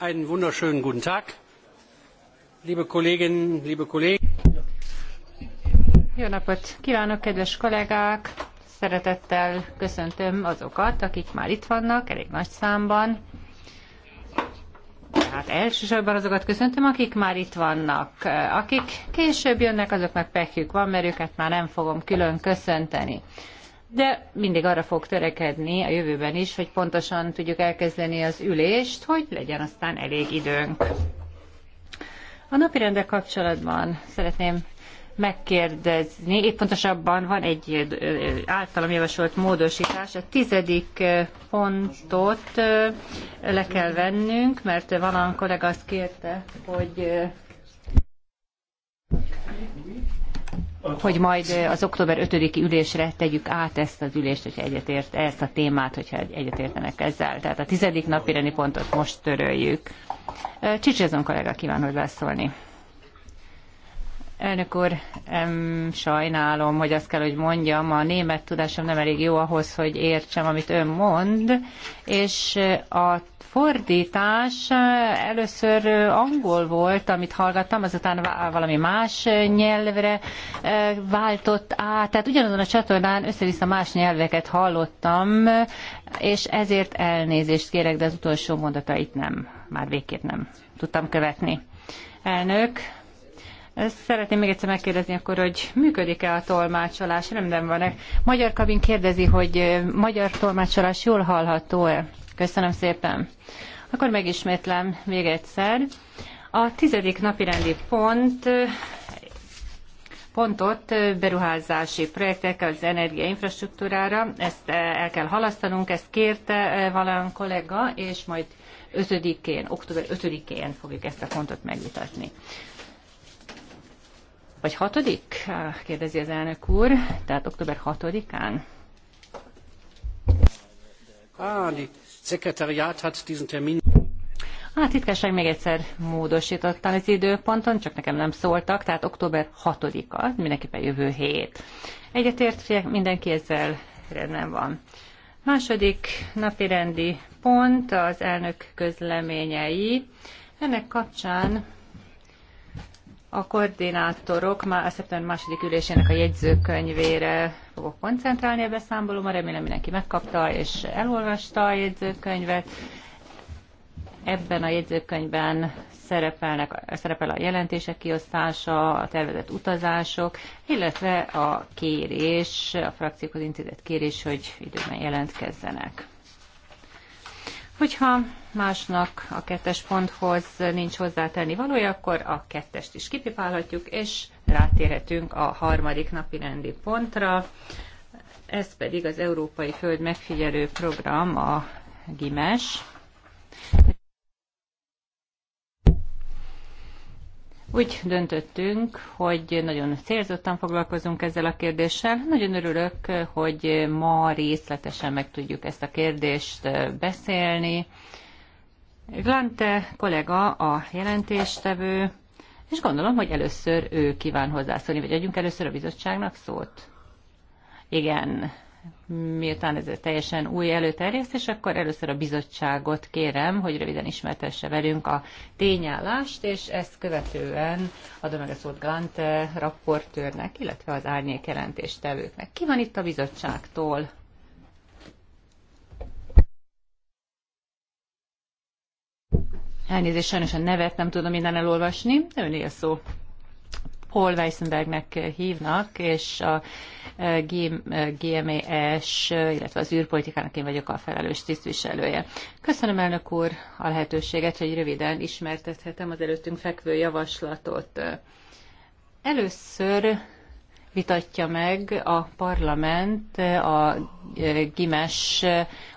Einen wunderschönen guten Tag, liebe Kolleginnen, liebe Kollegen. Jó napot kívánok, kedves kollégák! Szeretettel köszöntöm azokat, akik már itt vannak, elég nagy számban. Tehát elsősorban azokat köszöntöm, akik már itt vannak. Akik később jönnek, azoknak pekjük van, mert őket már nem fogom külön köszönteni de mindig arra fog törekedni a jövőben is, hogy pontosan tudjuk elkezdeni az ülést, hogy legyen aztán elég időnk. A rendek kapcsolatban szeretném megkérdezni, épp pontosabban van egy általam javasolt módosítás, a tizedik pontot le kell vennünk, mert van a kollega azt kérte, hogy hogy majd eh, az október 5-i ülésre tegyük át ezt az ülést, hogyha egyetért, ezt a témát, hogyha egyetértenek ezzel. Tehát a tizedik napi rendi pontot most töröljük. Eh, Csicsezon kollega kíván beszólni. Elnök úr, em, sajnálom, hogy azt kell, hogy mondjam, a német tudásom nem elég jó ahhoz, hogy értsem, amit ön mond, és eh, a fordítás eh, először eh, angol volt, amit hallgattam, azután valami más eh, nyelvre váltott át. Tehát ugyanazon a csatornán össze-vissza más nyelveket hallottam, és ezért elnézést kérek, de az utolsó mondata itt nem, már végképp nem tudtam követni. Elnök, Szeretném még egyszer megkérdezni akkor, hogy működik-e a tolmácsolás, rendben van-e? Magyar kabin kérdezi, hogy magyar tolmácsolás jól hallható-e? Köszönöm szépen. Akkor megismétlem még egyszer. A tizedik napirendi pont pontot beruházási projektek az energiainfrastruktúrára. Ezt eh, el kell halasztanunk, ezt kérte eh, valami kollega, és majd 5-én, október 5-én fogjuk ezt a pontot megvitatni. Vagy 6 kérdezi az elnök úr, tehát október 6-án. Ah, Sekretariat hat diesen Termin. A titkárság még egyszer módosította az időponton, csak nekem nem szóltak, tehát október 6-a, mindenképpen jövő hét. Egyetért mindenki ezzel rendben van. Második napirendi pont az elnök közleményei. Ennek kapcsán a koordinátorok már a szeptember második ülésének a jegyzőkönyvére fogok koncentrálni a beszámolóma. Remélem mindenki megkapta és elolvasta a jegyzőkönyvet. Ebben a jegyzőkönyvben szerepelnek, szerepel a jelentések kiosztása, a tervezett utazások, illetve a kérés, a frakciókhoz intézett kérés, hogy időben jelentkezzenek. Hogyha másnak a kettes ponthoz nincs hozzátenni valója, akkor a kettest is kipipálhatjuk, és rátérhetünk a harmadik napi rendi pontra. Ez pedig az Európai Föld Megfigyelő Program, a GIMES, Úgy döntöttünk, hogy nagyon célzottan foglalkozunk ezzel a kérdéssel. Nagyon örülök, hogy ma részletesen meg tudjuk ezt a kérdést beszélni. Glante kollega a jelentéstevő, és gondolom, hogy először ő kíván hozzászólni, vagy adjunk először a bizottságnak szót. Igen, miután ez teljesen új előterjesztés, akkor először a bizottságot kérem, hogy röviden ismertesse velünk a tényállást, és ezt követően adom meg a szót Gant eh, rapportőrnek, illetve az árnyék jelentéstevőknek. Ki van itt a bizottságtól? Elnézést, sajnos a nevet nem tudom minden elolvasni. Ön a szó. Paul Weissenbergnek hívnak, és a e, GMES, illetve az űrpolitikának én vagyok a felelős tisztviselője. Köszönöm elnök úr a lehetőséget, hogy röviden ismertethetem az előttünk fekvő javaslatot. Először vitatja meg a parlament a e, GIMES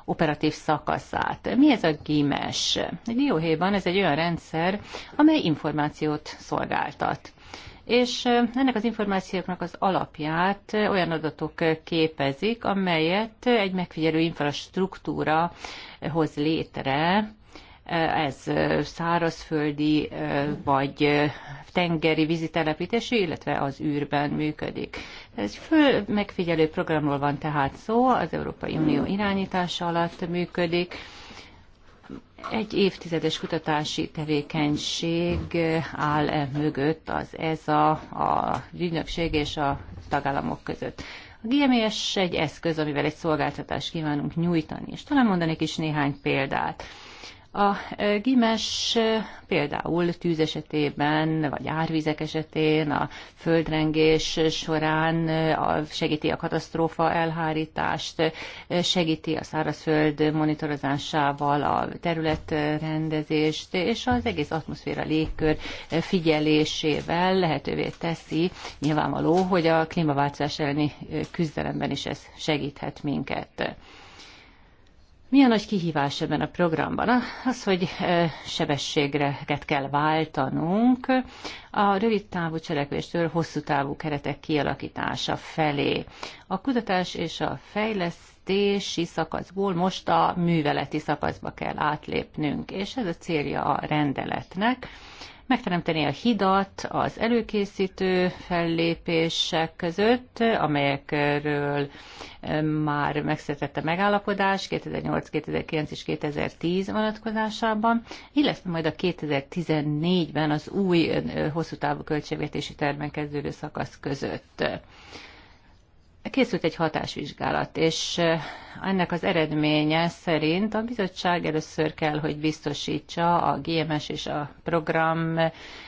operatív szakaszát. Mi ez a GIMES? Dióhéjban ez egy olyan rendszer, amely információt szolgáltat és ennek az információknak az alapját olyan adatok képezik, amelyet egy megfigyelő infrastruktúra hoz létre, ez szárazföldi vagy tengeri vízitelepítési, illetve az űrben működik. Ez fő megfigyelő programról van tehát szó, az Európai Unió irányítása alatt működik, egy évtizedes kutatási tevékenység áll -e mögött az e a, a ügynökség és a tagállamok között. A GMS e egy eszköz, amivel egy szolgáltatást kívánunk nyújtani, és talán mondanék is néhány példát. A gimes például tűz esetében, vagy árvizek esetén, a földrengés során segíti a katasztrófa elhárítást, segíti a szárazföld monitorozásával a területrendezést, és az egész atmoszféra légkör figyelésével lehetővé teszi nyilvánvaló, hogy a klímaváltozás elleni küzdelemben is ez segíthet minket. Milyen nagy kihívás ebben a programban? Az, hogy sebességre kell váltanunk a rövid távú cselekvéstől hosszú távú keretek kialakítása felé. A kutatás és a fejlesztési szakaszból most a műveleti szakaszba kell átlépnünk, és ez a célja a rendeletnek megteremteni a hidat az előkészítő fellépések között, amelyekről már megszületett a megállapodás 2008, 2009 és 2010 vonatkozásában, illetve majd a 2014-ben az új hosszú távú költségvetési termen kezdődő szakasz között. Készült egy hatásvizsgálat, és eh, ennek az eredménye szerint a bizottság először kell, hogy biztosítsa a GMS és a program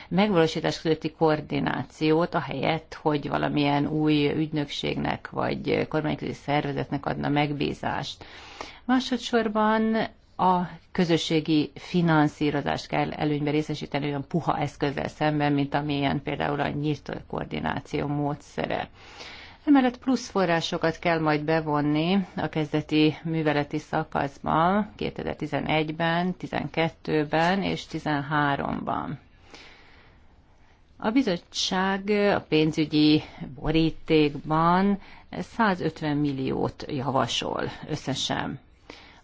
megvalósítás közötti koordinációt, ahelyett, hogy valamilyen új ügynökségnek vagy kormányközi szervezetnek adna megbízást. Másodszorban a közösségi finanszírozást kell előnybe részesíteni olyan puha eszközzel szemben, mint amilyen például a nyílt koordináció módszere. Emellett plusz forrásokat kell majd bevonni a kezdeti műveleti szakaszban 2011-ben, 2012 ben és 2013 ban A bizottság a pénzügyi borítékban 150 milliót javasol összesen.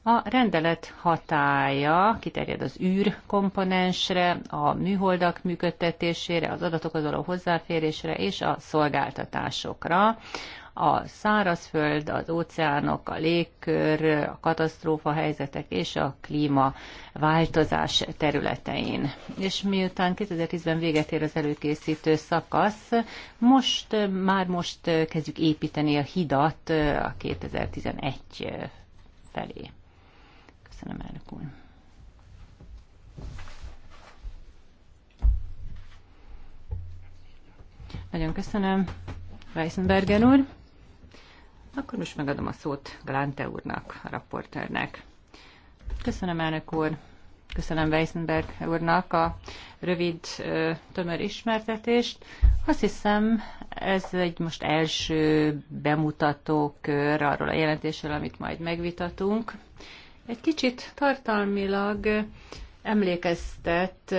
A rendelet hatája kiterjed az űr komponensre, a műholdak működtetésére, az adatokhoz való hozzáférésre és a szolgáltatásokra. A szárazföld, az óceánok, a légkör, a katasztrófa helyzetek és a klímaváltozás területein. És miután 2010-ben véget ér az előkészítő szakasz, most már most kezdjük építeni a hidat a 2011 felé. Köszönöm, elnök úr. Nagyon köszönöm, Weissenbergen úr. Akkor most megadom a szót Glante úrnak, a raportőrnek. Köszönöm, elnök úr. Köszönöm Weissenberg úrnak a rövid, tömör ismertetést. Azt hiszem, ez egy most első bemutató kör arról a jelentésről, amit majd megvitatunk egy kicsit tartalmilag emlékeztet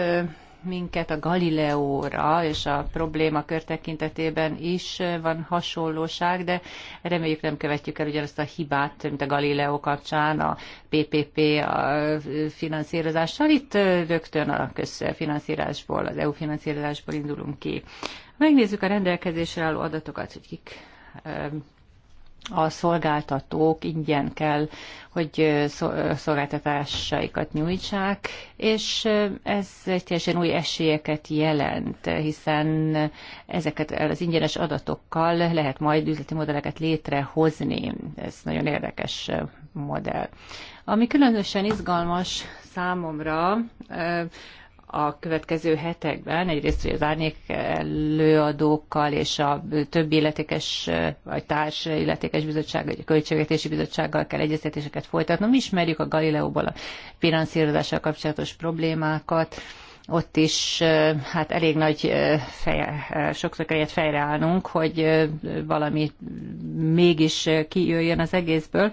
minket a Galileóra, és a probléma körtekintetében is van hasonlóság, de reméljük nem követjük el ugyanazt a hibát, mint a Galileo kapcsán, a PPP a finanszírozással. Itt rögtön a közfinanszírozásból, az EU finanszírozásból indulunk ki. Megnézzük a rendelkezésre álló adatokat, hogy kik a szolgáltatók ingyen kell, hogy szolgáltatásaikat nyújtsák, és ez egy teljesen új esélyeket jelent, hiszen ezeket az ingyenes adatokkal lehet majd üzleti modelleket létrehozni. Ez nagyon érdekes modell. Ami különösen izgalmas számomra, a következő hetekben, egyrészt hogy az árnyék előadókkal és a többi illetékes vagy társ illetékes bizottság, vagy a költségvetési bizottsággal kell egyeztetéseket folytatnom. ismerjük a Galileóból a finanszírozással kapcsolatos problémákat, ott is hát elég nagy feje, sokszor kellett fejreállnunk, hogy valami mégis kijöjjön az egészből.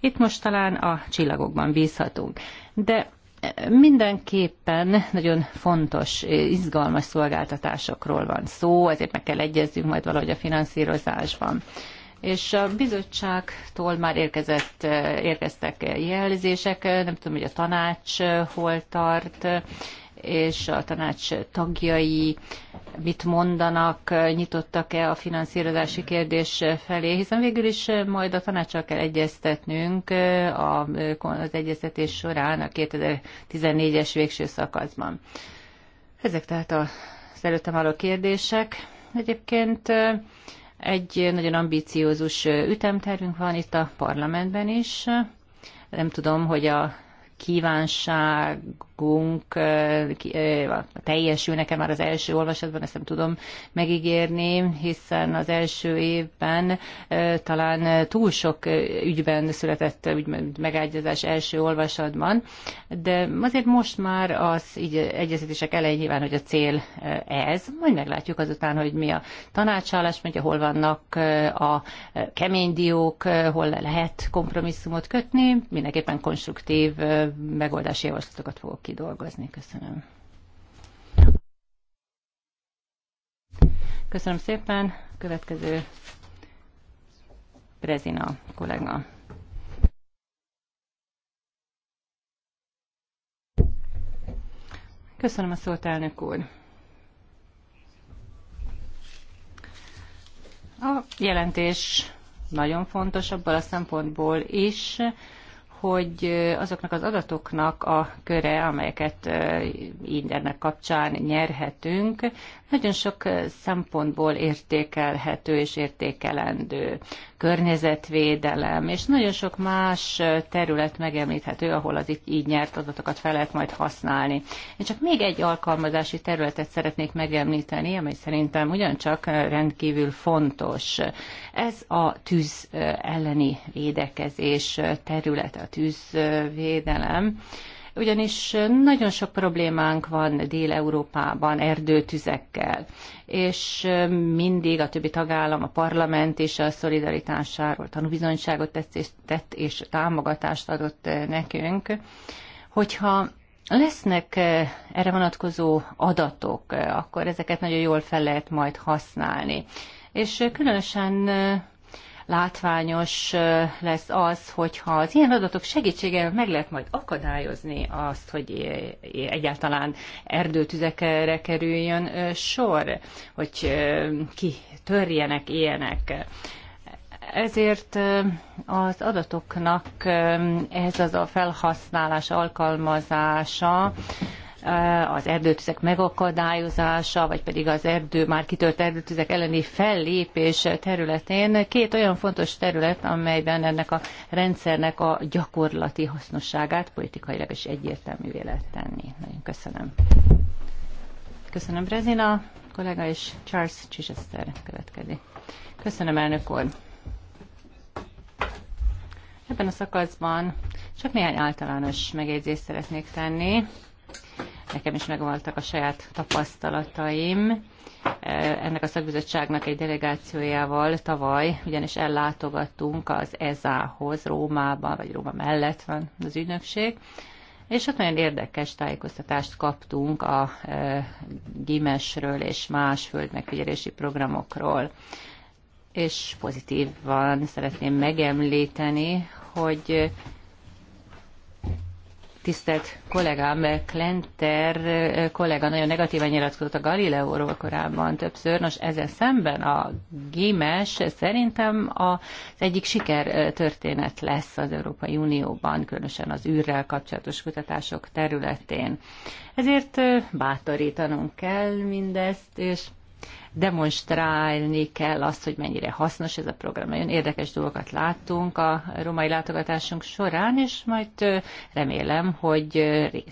Itt most talán a csillagokban bízhatunk. De Mindenképpen nagyon fontos, izgalmas szolgáltatásokról van szó, ezért meg kell egyezzünk majd valahogy a finanszírozásban és a bizottságtól már érkezett, érkeztek jelzések, nem tudom, hogy a tanács hol tart, és a tanács tagjai mit mondanak, nyitottak-e a finanszírozási kérdés felé, hiszen végül is majd a tanácsal kell egyeztetnünk az egyeztetés során a 2014-es végső szakaszban. Ezek tehát az előttem álló kérdések. Egyébként egy nagyon ambíciózus ütemtervünk van itt a parlamentben is. Nem tudom, hogy a kívánság szakunk teljesül nekem már az első olvasatban, ezt nem tudom megígérni, hiszen az első évben talán túl sok ügyben született ügymond, megágyazás első olvasatban, de azért most már az így egyeztetések elején nyilván, hogy a cél ez, majd meglátjuk azután, hogy mi a tanácsállás, mondja, hol vannak a kemény diók, hol lehet kompromisszumot kötni, mindenképpen konstruktív megoldási javaslatokat fogok kidolgozni. Köszönöm. Köszönöm szépen. Következő prezina kollega. Köszönöm a szót, elnök úr. A jelentés nagyon fontos abban a szempontból is, hogy azoknak az adatoknak a köre, amelyeket internet kapcsán nyerhetünk, nagyon sok szempontból értékelhető és értékelendő. Környezetvédelem, és nagyon sok más terület megemlíthető, ahol az itt így nyert adatokat fel lehet majd használni. Én csak még egy alkalmazási területet szeretnék megemlíteni, amely szerintem ugyancsak rendkívül fontos. Ez a tűz elleni védekezés területe, a tűzvédelem ugyanis nagyon sok problémánk van Dél-Európában erdőtüzekkel, és mindig a többi tagállam, a parlament és a szolidaritásáról tanúbizonyságot tett és támogatást adott eh, nekünk, hogyha lesznek eh, erre vonatkozó adatok, eh, akkor ezeket nagyon jól fel lehet majd használni. És különösen látványos lesz az, hogyha az ilyen adatok segítségével meg lehet majd akadályozni azt, hogy egyáltalán erdőtüzekre kerüljön sor, hogy ki törjenek ilyenek. Ezért az adatoknak ez az a felhasználás, alkalmazása, az erdőtüzek megakadályozása, vagy pedig az erdő, már kitört erdőtüzek elleni fellépés területén két olyan fontos terület, amelyben ennek a rendszernek a gyakorlati hasznosságát politikailag is egyértelművé lehet tenni. Nagyon köszönöm. Köszönöm Brezina, kollega és Charles Chichester következik. Köszönöm elnök úr. Ebben a szakaszban csak néhány általános megjegyzést szeretnék tenni Nekem is megvaltak a saját tapasztalataim. Ennek a szakbizottságnak egy delegációjával tavaly ugyanis ellátogattunk az EZA-hoz Rómában, vagy Róma mellett van az ügynökség, és ott nagyon érdekes tájékoztatást kaptunk a e, Gimesről és más földmegfigyelési programokról. És pozitívan szeretném megemlíteni, hogy tisztelt kollégám Klenter kollega nagyon negatívan nyilatkozott a Galileóról korábban többször. Nos, ezzel szemben a Gémes szerintem az egyik siker történet lesz az Európai Unióban, különösen az űrrel kapcsolatos kutatások területén. Ezért bátorítanunk kell mindezt, és demonstrálni kell azt, hogy mennyire hasznos ez a program. Nagyon érdekes dolgokat láttunk a romai látogatásunk során, és majd remélem, hogy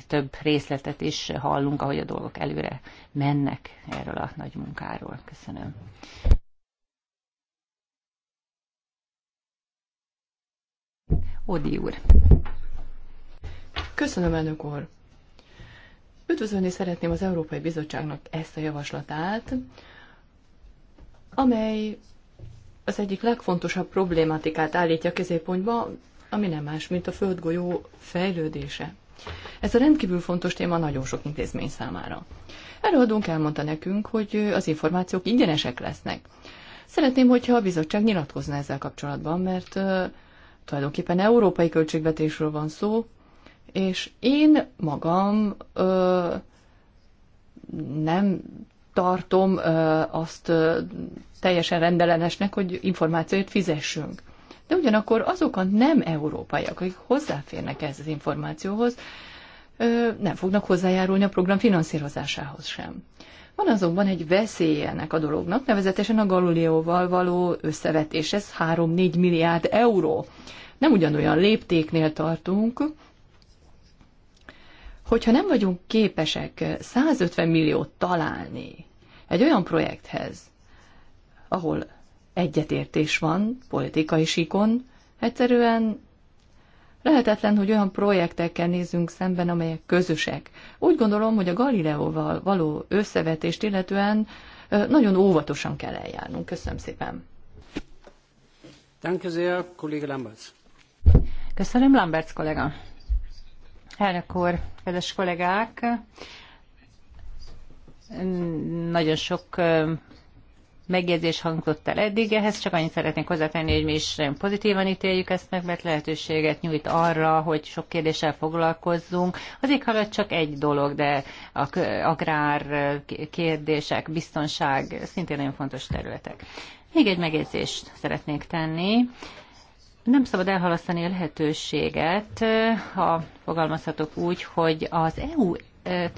több részletet is hallunk, ahogy a dolgok előre mennek erről a nagy munkáról. Köszönöm. Odi úr. Köszönöm, elnök úr. Üdvözölni szeretném az Európai Bizottságnak ezt a javaslatát, amely az egyik legfontosabb problématikát állítja középpontba, ami nem más, mint a földgolyó fejlődése. Ez a rendkívül fontos téma nagyon sok intézmény számára. Előadónk elmondta nekünk, hogy az információk ingyenesek lesznek. Szeretném, hogyha a bizottság nyilatkozna ezzel kapcsolatban, mert uh, tulajdonképpen európai költségvetésről van szó, és én magam uh, nem tartom azt teljesen rendellenesnek, hogy információért fizessünk. De ugyanakkor azok a nem európaiak, akik hozzáférnek ez az információhoz, nem fognak hozzájárulni a program finanszírozásához sem. Van azonban egy veszély ennek a dolognak, nevezetesen a Galileóval való összevetés, ez 3-4 milliárd euró. Nem ugyanolyan léptéknél tartunk, hogyha nem vagyunk képesek 150 milliót találni egy olyan projekthez, ahol egyetértés van politikai síkon, egyszerűen lehetetlen, hogy olyan projektekkel nézzünk szemben, amelyek közösek. Úgy gondolom, hogy a Galileóval való összevetést illetően nagyon óvatosan kell eljárnunk. Köszönöm szépen. Lamberts. Köszönöm, Lamberts kollega. Elnök úr, kedves kollégák! Nagyon sok megjegyzés hangzott el eddig, ehhez csak annyit szeretnék hozzátenni, hogy mi is nagyon pozitívan ítéljük ezt meg, mert lehetőséget nyújt arra, hogy sok kérdéssel foglalkozzunk. Az éghajlat csak egy dolog, de a agrár kérdések, biztonság szintén nagyon fontos területek. Még egy megjegyzést szeretnék tenni nem szabad elhalasztani a lehetőséget, ha fogalmazhatok úgy, hogy az EU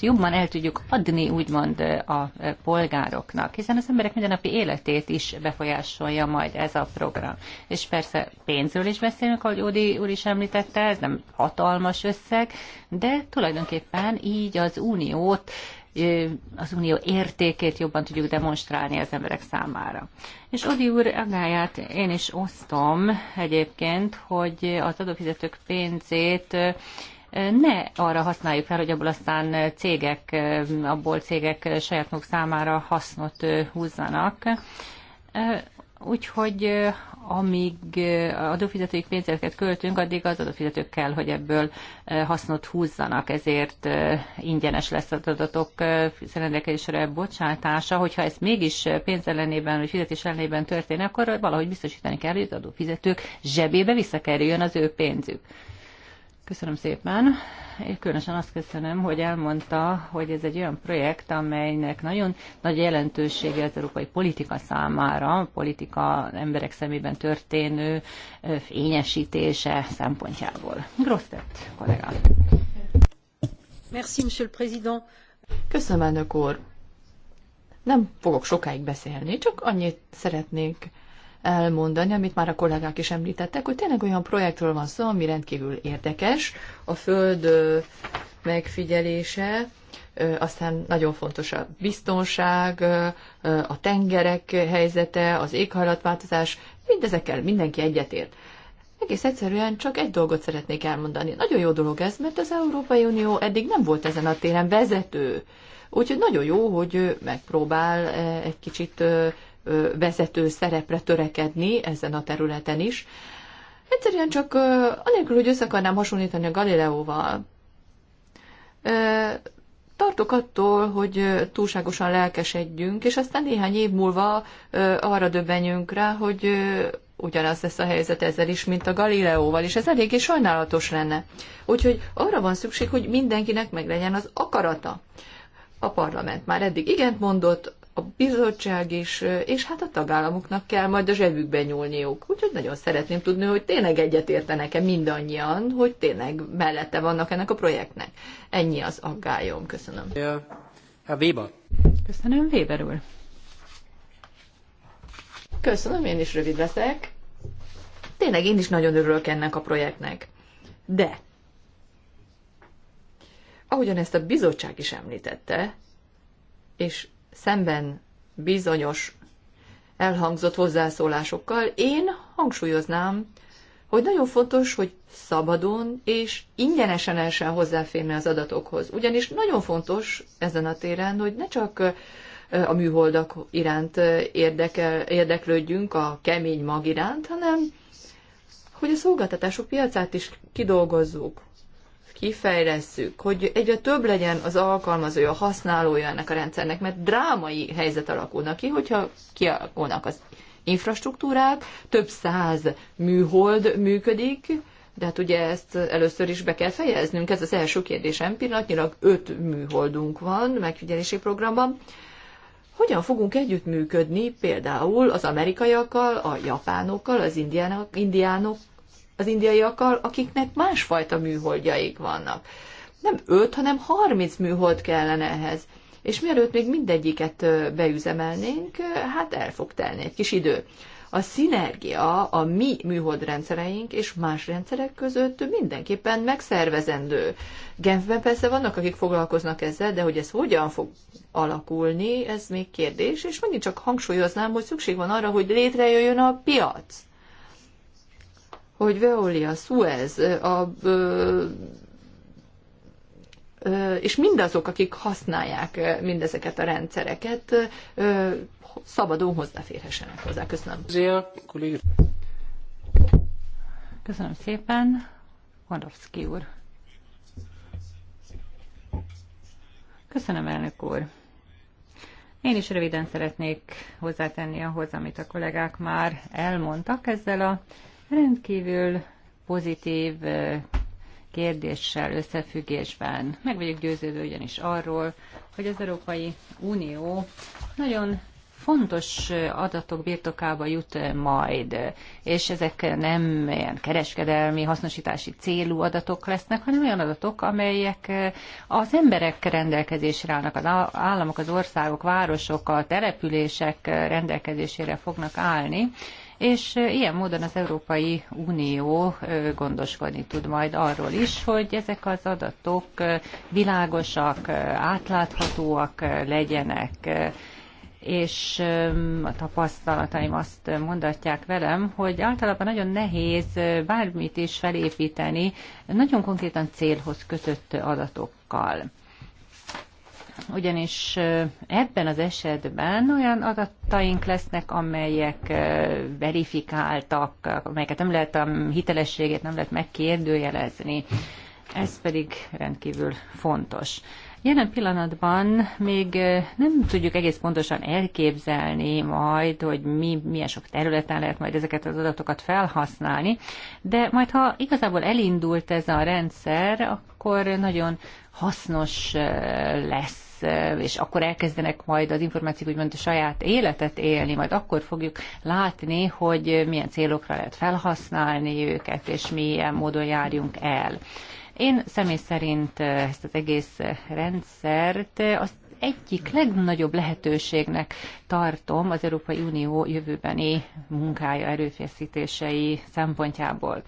jobban el tudjuk adni, úgymond a polgároknak, hiszen az emberek mindennapi életét is befolyásolja majd ez a program. És persze pénzről is beszélünk, ahogy Ódi úr is említette, ez nem hatalmas összeg, de tulajdonképpen így az uniót az unió értékét jobban tudjuk demonstrálni az emberek számára. És Odi úr agáját én is osztom egyébként, hogy az adófizetők pénzét ne arra használjuk fel, hogy abból aztán cégek, abból cégek saját maguk számára hasznot húzzanak. Úgyhogy amíg adófizetői pénzeket költünk, addig az adófizetők kell, hogy ebből hasznot húzzanak, ezért ingyenes lesz az adatok rendelkezésre bocsátása. Hogyha ez mégis pénz ellenében vagy fizetés ellenében történik, akkor valahogy biztosítani kell, hogy az adófizetők zsebébe visszakerüljön az ő pénzük. Köszönöm szépen. Én különösen azt köszönöm, hogy elmondta, hogy ez egy olyan projekt, amelynek nagyon nagy jelentősége az európai politika számára, a politika emberek szemében történő fényesítése szempontjából. Grosztett kollega. Merci, monsieur le président. Köszönöm, elnök úr. Nem fogok sokáig beszélni, csak annyit szeretnék elmondani, amit már a kollégák is említettek, hogy tényleg olyan projektről van szó, ami rendkívül érdekes, a Föld megfigyelése, aztán nagyon fontos a biztonság, a tengerek helyzete, az éghajlatváltozás, mindezekkel mindenki egyetért. Egész egyszerűen csak egy dolgot szeretnék elmondani. Nagyon jó dolog ez, mert az Európai Unió eddig nem volt ezen a téren vezető. Úgyhogy nagyon jó, hogy megpróbál egy kicsit vezető szerepre törekedni ezen a területen is. Egyszerűen csak anélkül, hogy össze akarnám hasonlítani a Galileóval, tartok attól, hogy túlságosan lelkesedjünk, és aztán néhány év múlva arra döbbenjünk rá, hogy ugyanaz lesz a helyzet ezzel is, mint a Galileóval, és ez eléggé sajnálatos lenne. Úgyhogy arra van szükség, hogy mindenkinek meglegyen az akarata. A parlament már eddig igent mondott, a bizottság is, és hát a tagállamoknak kell majd a zsebükbe nyúlniuk. Úgyhogy nagyon szeretném tudni, hogy tényleg egyetértenek-e mindannyian, hogy tényleg mellette vannak ennek a projektnek. Ennyi az aggályom. Köszönöm. A Weber. Köszönöm, Weber úr. Köszönöm, én is rövid leszek. Tényleg én is nagyon örülök ennek a projektnek. De, ahogyan ezt a bizottság is említette, és szemben bizonyos elhangzott hozzászólásokkal én hangsúlyoznám, hogy nagyon fontos, hogy szabadon és ingyenesen lehessen hozzáférni az adatokhoz. Ugyanis nagyon fontos ezen a téren, hogy ne csak a műholdak iránt érdekel, érdeklődjünk, a kemény mag iránt, hanem hogy a szolgáltatások piacát is kidolgozzuk kifejlesszük, hogy egyre több legyen az alkalmazója, a használója ennek a rendszernek, mert drámai helyzet alakulnak, ki, hogyha kialakulnak az infrastruktúrák, több száz műhold működik, de hát ugye ezt először is be kell fejeznünk, ez az első kérdésem. Pillanatnyilag öt műholdunk van megfigyelési programban. Hogyan fogunk együttműködni például az amerikaiakkal, a japánokkal, az indiánok, indiánok, az indiaiakkal, akiknek másfajta műholdjaik vannak. Nem 5, hanem 30 műhold kellene ehhez. És mielőtt még mindegyiket beüzemelnénk, hát el fog telni egy kis idő. A szinergia a mi műholdrendszereink és más rendszerek között mindenképpen megszervezendő. Genfben persze vannak, akik foglalkoznak ezzel, de hogy ez hogyan fog alakulni, ez még kérdés, és megint csak hangsúlyoznám, hogy szükség van arra, hogy létrejöjjön a piac hogy Veolia, Suez, a, és mindazok, akik használják mindezeket a rendszereket, szabadon hozzáférhessenek hozzá. Köszönöm. Köszönöm szépen. Kondowski úr. Köszönöm, elnök úr. Én is röviden szeretnék hozzátenni ahhoz, amit a kollégák már elmondtak ezzel a Rendkívül pozitív kérdéssel összefüggésben meg vagyok győződő ugyanis arról, hogy az Európai Unió nagyon fontos adatok birtokába jut majd, és ezek nem ilyen kereskedelmi, hasznosítási célú adatok lesznek, hanem olyan adatok, amelyek az emberek rendelkezésre állnak, az államok, az országok, városok, a települések rendelkezésére fognak állni, és ilyen módon az Európai Unió gondoskodni tud majd arról is, hogy ezek az adatok világosak, átláthatóak legyenek, és a tapasztalataim azt mondatják velem, hogy általában nagyon nehéz bármit is felépíteni, nagyon konkrétan célhoz kötött adatokkal ugyanis ebben az esetben olyan adataink lesznek, amelyek verifikáltak, amelyeket nem lehet a hitelességét nem lehet megkérdőjelezni. Ez pedig rendkívül fontos. Jelen pillanatban még nem tudjuk egész pontosan elképzelni majd, hogy mi, milyen sok területen lehet majd ezeket az adatokat felhasználni, de majd ha igazából elindult ez a rendszer, akkor nagyon hasznos lesz és akkor elkezdenek majd az információk úgymond a saját életet élni, majd akkor fogjuk látni, hogy milyen célokra lehet felhasználni őket, és milyen módon járjunk el. Én személy szerint eh, ezt az egész rendszert eh, azt egyik legnagyobb lehetőségnek tartom az Európai Unió jövőbeni munkája, erőfeszítései szempontjából.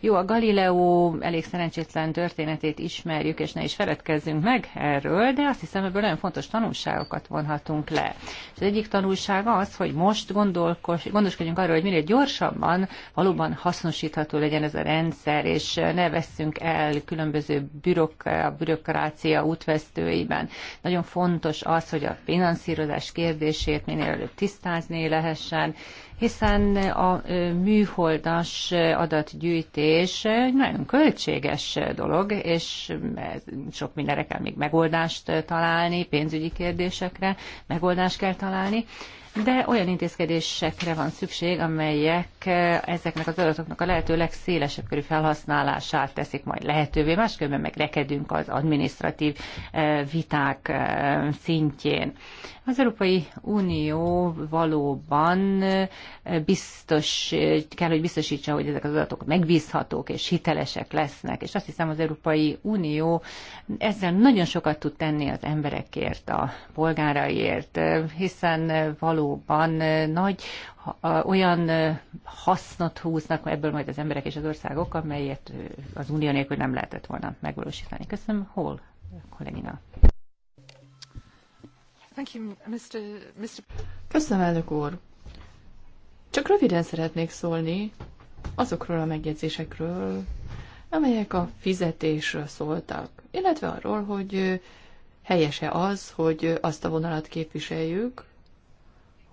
Jó, a Galileo elég szerencsétlen történetét ismerjük, és ne is feledkezzünk meg erről, de azt hiszem, ebből nagyon fontos tanulságokat vonhatunk le. És az egyik tanulság az, hogy most gondoskodjunk arról, hogy minél gyorsabban valóban hasznosítható legyen ez a rendszer, és ne veszünk el különböző bürok, a bürokrácia útvesztőiben. Nagyon fontos az, hogy a finanszírozás kérdését minél előbb tisztázni lehessen, hiszen a műholdas adatgyűjtés nagyon költséges dolog, és sok mindenre kell még megoldást találni, pénzügyi kérdésekre megoldást kell találni, de olyan intézkedésekre van szükség, amelyek ezeknek az adatoknak a lehető legszélesebb körű felhasználását teszik majd lehetővé, máskülönben meg rekedünk az administratív viták szintjén. Az Európai Unió valóban eh, biztos, eh, kell, hogy biztosítsa, hogy ezek az adatok megbízhatók és hitelesek lesznek, és azt hiszem az Európai Unió ezzel nagyon sokat tud tenni az emberekért, a polgáraiért, eh, hiszen valóban nagy olyan hasznot húznak ebből majd az emberek és az országok, amelyet az unió nélkül nem lehetett volna megvalósítani. Köszönöm, hol kollégina? Köszönöm, elnök úr. Csak röviden szeretnék szólni azokról a megjegyzésekről, amelyek a fizetésről szóltak, illetve arról, hogy helyese az, hogy azt a vonalat képviseljük,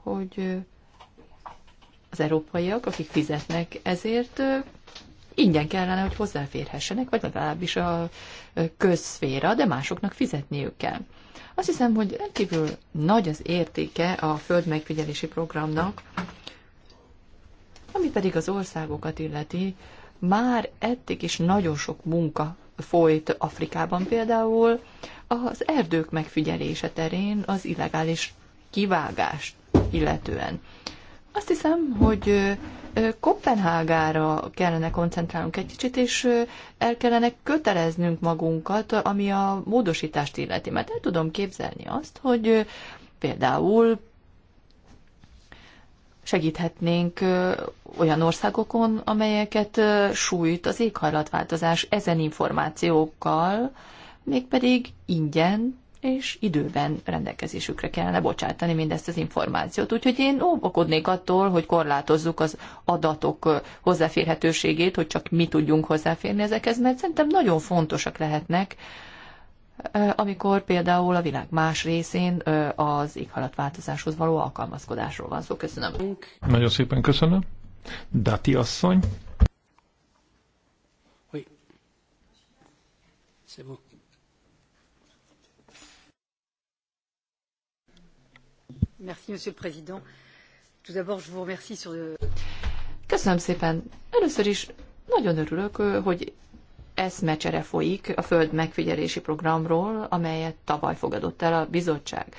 hogy az európaiak, akik fizetnek ezért, ingyen kellene, hogy hozzáférhessenek, vagy legalábbis a közszféra, de másoknak fizetniük kell. Azt hiszem, hogy rendkívül nagy az értéke a Föld megfigyelési programnak, ami pedig az országokat illeti, már eddig is nagyon sok munka folyt Afrikában például az erdők megfigyelése terén az illegális kivágást illetően. Azt hiszem, hogy Kopenhágára kellene koncentrálnunk egy kicsit, és el kellene köteleznünk magunkat, ami a módosítást illeti. Mert el tudom képzelni azt, hogy például segíthetnénk olyan országokon, amelyeket sújt az éghajlatváltozás ezen információkkal, mégpedig ingyen, és időben rendelkezésükre kellene bocsátani mindezt az információt. Úgyhogy én óvakodnék attól, hogy korlátozzuk az adatok hozzáférhetőségét, hogy csak mi tudjunk hozzáférni ezekhez, mert szerintem nagyon fontosak lehetnek, amikor például a világ más részén az éghajlatváltozáshoz való alkalmazkodásról van szó. Köszönöm. Nagyon szépen köszönöm. Dati asszony. Oui. C'est bon. Köszönöm szépen. Először is nagyon örülök, hogy eszmecsere folyik a Föld megfigyelési programról, amelyet tavaly fogadott el a bizottság.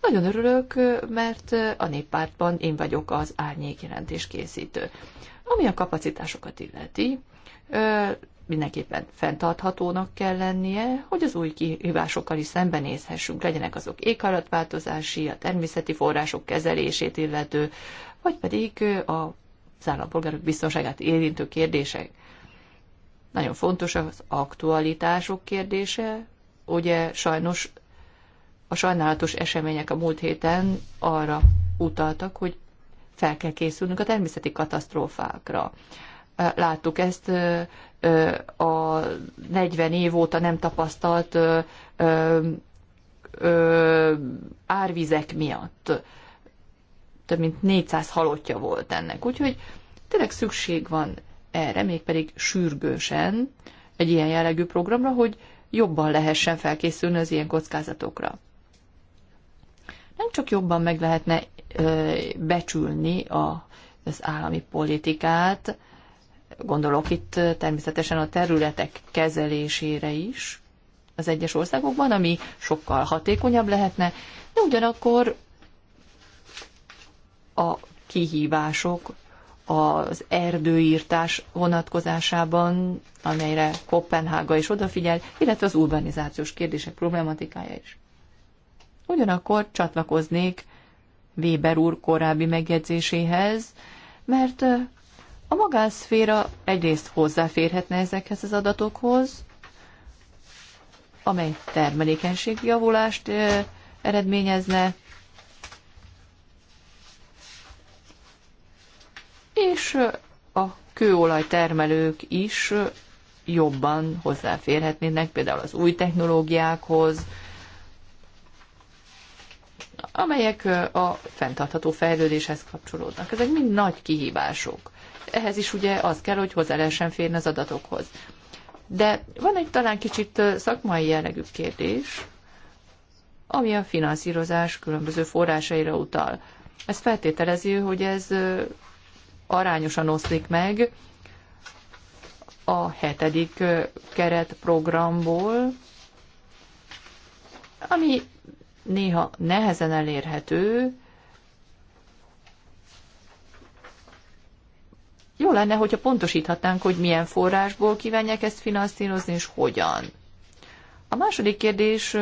Nagyon örülök, mert a néppártban én vagyok az árnyék jelentés készítő. Ami a kapacitásokat illeti, mindenképpen fenntarthatónak kell lennie, hogy az új kihívásokkal is szembenézhessünk, legyenek azok éghajlatváltozási, a természeti források kezelését illető, vagy pedig a az állampolgárok biztonságát érintő kérdések. Nagyon fontos az aktualitások kérdése. Ugye sajnos a sajnálatos események a múlt héten arra utaltak, hogy fel kell készülnünk a természeti katasztrófákra. Láttuk ezt a 40 év óta nem tapasztalt árvizek miatt. Több mint 400 halottja volt ennek. Úgyhogy tényleg szükség van erre, mégpedig sürgősen egy ilyen jellegű programra, hogy jobban lehessen felkészülni az ilyen kockázatokra. Nem csak jobban meg lehetne becsülni a, az állami politikát, Gondolok itt természetesen a területek kezelésére is az egyes országokban, ami sokkal hatékonyabb lehetne, de ugyanakkor a kihívások az erdőírtás vonatkozásában, amelyre Kopenhága is odafigyel, illetve az urbanizációs kérdések problematikája is. Ugyanakkor csatlakoznék Weber úr korábbi megjegyzéséhez, mert a magánszféra egyrészt hozzáférhetne ezekhez az adatokhoz, amely termelékenység javulást eredményezne, és a kőolajtermelők is jobban hozzáférhetnének például az új technológiákhoz, amelyek a fenntartható fejlődéshez kapcsolódnak. Ezek mind nagy kihívások ehhez is ugye az kell, hogy hozzá lehessen férni az adatokhoz. De van egy talán kicsit szakmai jellegű kérdés, ami a finanszírozás különböző forrásaira utal. Ez feltételezi, hogy ez arányosan oszlik meg a hetedik keretprogramból, ami néha nehezen elérhető, Jó lenne, hogyha pontosíthatnánk, hogy milyen forrásból kívánják ezt finanszírozni, és hogyan. A második kérdés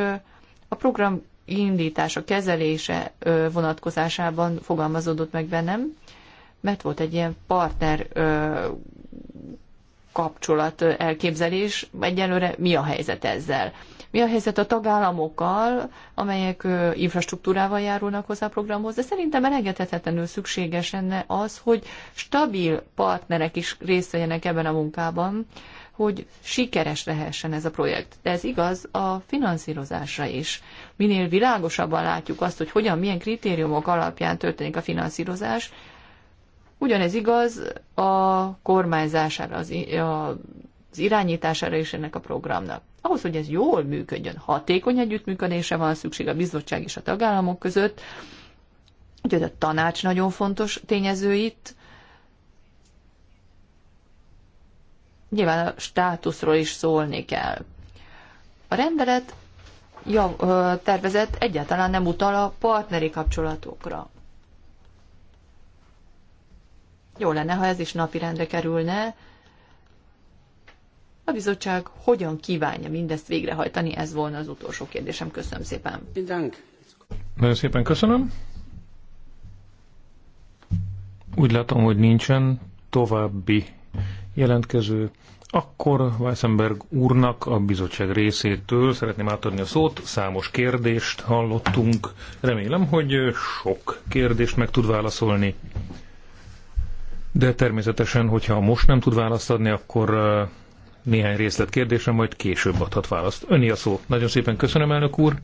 a program indítása, kezelése vonatkozásában fogalmazódott meg bennem, mert volt egy ilyen partner kapcsolat elképzelés. Egyelőre mi a helyzet ezzel? mi a helyzet a tagállamokkal, amelyek infrastruktúrával járulnak hozzá a programhoz, de szerintem elengedhetetlenül szükséges lenne az, hogy stabil partnerek is részt vegyenek ebben a munkában, hogy sikeres lehessen ez a projekt. De ez igaz a finanszírozásra is. Minél világosabban látjuk azt, hogy hogyan, milyen kritériumok alapján történik a finanszírozás, ugyanez igaz a kormányzására, az, a irányítására is ennek a programnak. Ahhoz, hogy ez jól működjön, hatékony együttműködése van szükség a bizottság és a tagállamok között, úgyhogy a tanács nagyon fontos tényező itt. Nyilván a státuszról is szólni kell. A rendelet ja, tervezet egyáltalán nem utal a partneri kapcsolatokra. Jó lenne, ha ez is rendre kerülne, a bizottság hogyan kívánja mindezt végrehajtani? Ez volna az utolsó kérdésem. Köszönöm szépen. Nagyon szépen köszönöm. Úgy látom, hogy nincsen további jelentkező. Akkor Weissenberg úrnak a bizottság részétől szeretném átadni a szót. Számos kérdést hallottunk. Remélem, hogy sok kérdést meg tud válaszolni. De természetesen, hogyha most nem tud választ adni, akkor néhány részlet kérdésre, majd később adhat választ. Öni a szó. Nagyon szépen köszönöm, elnök úr.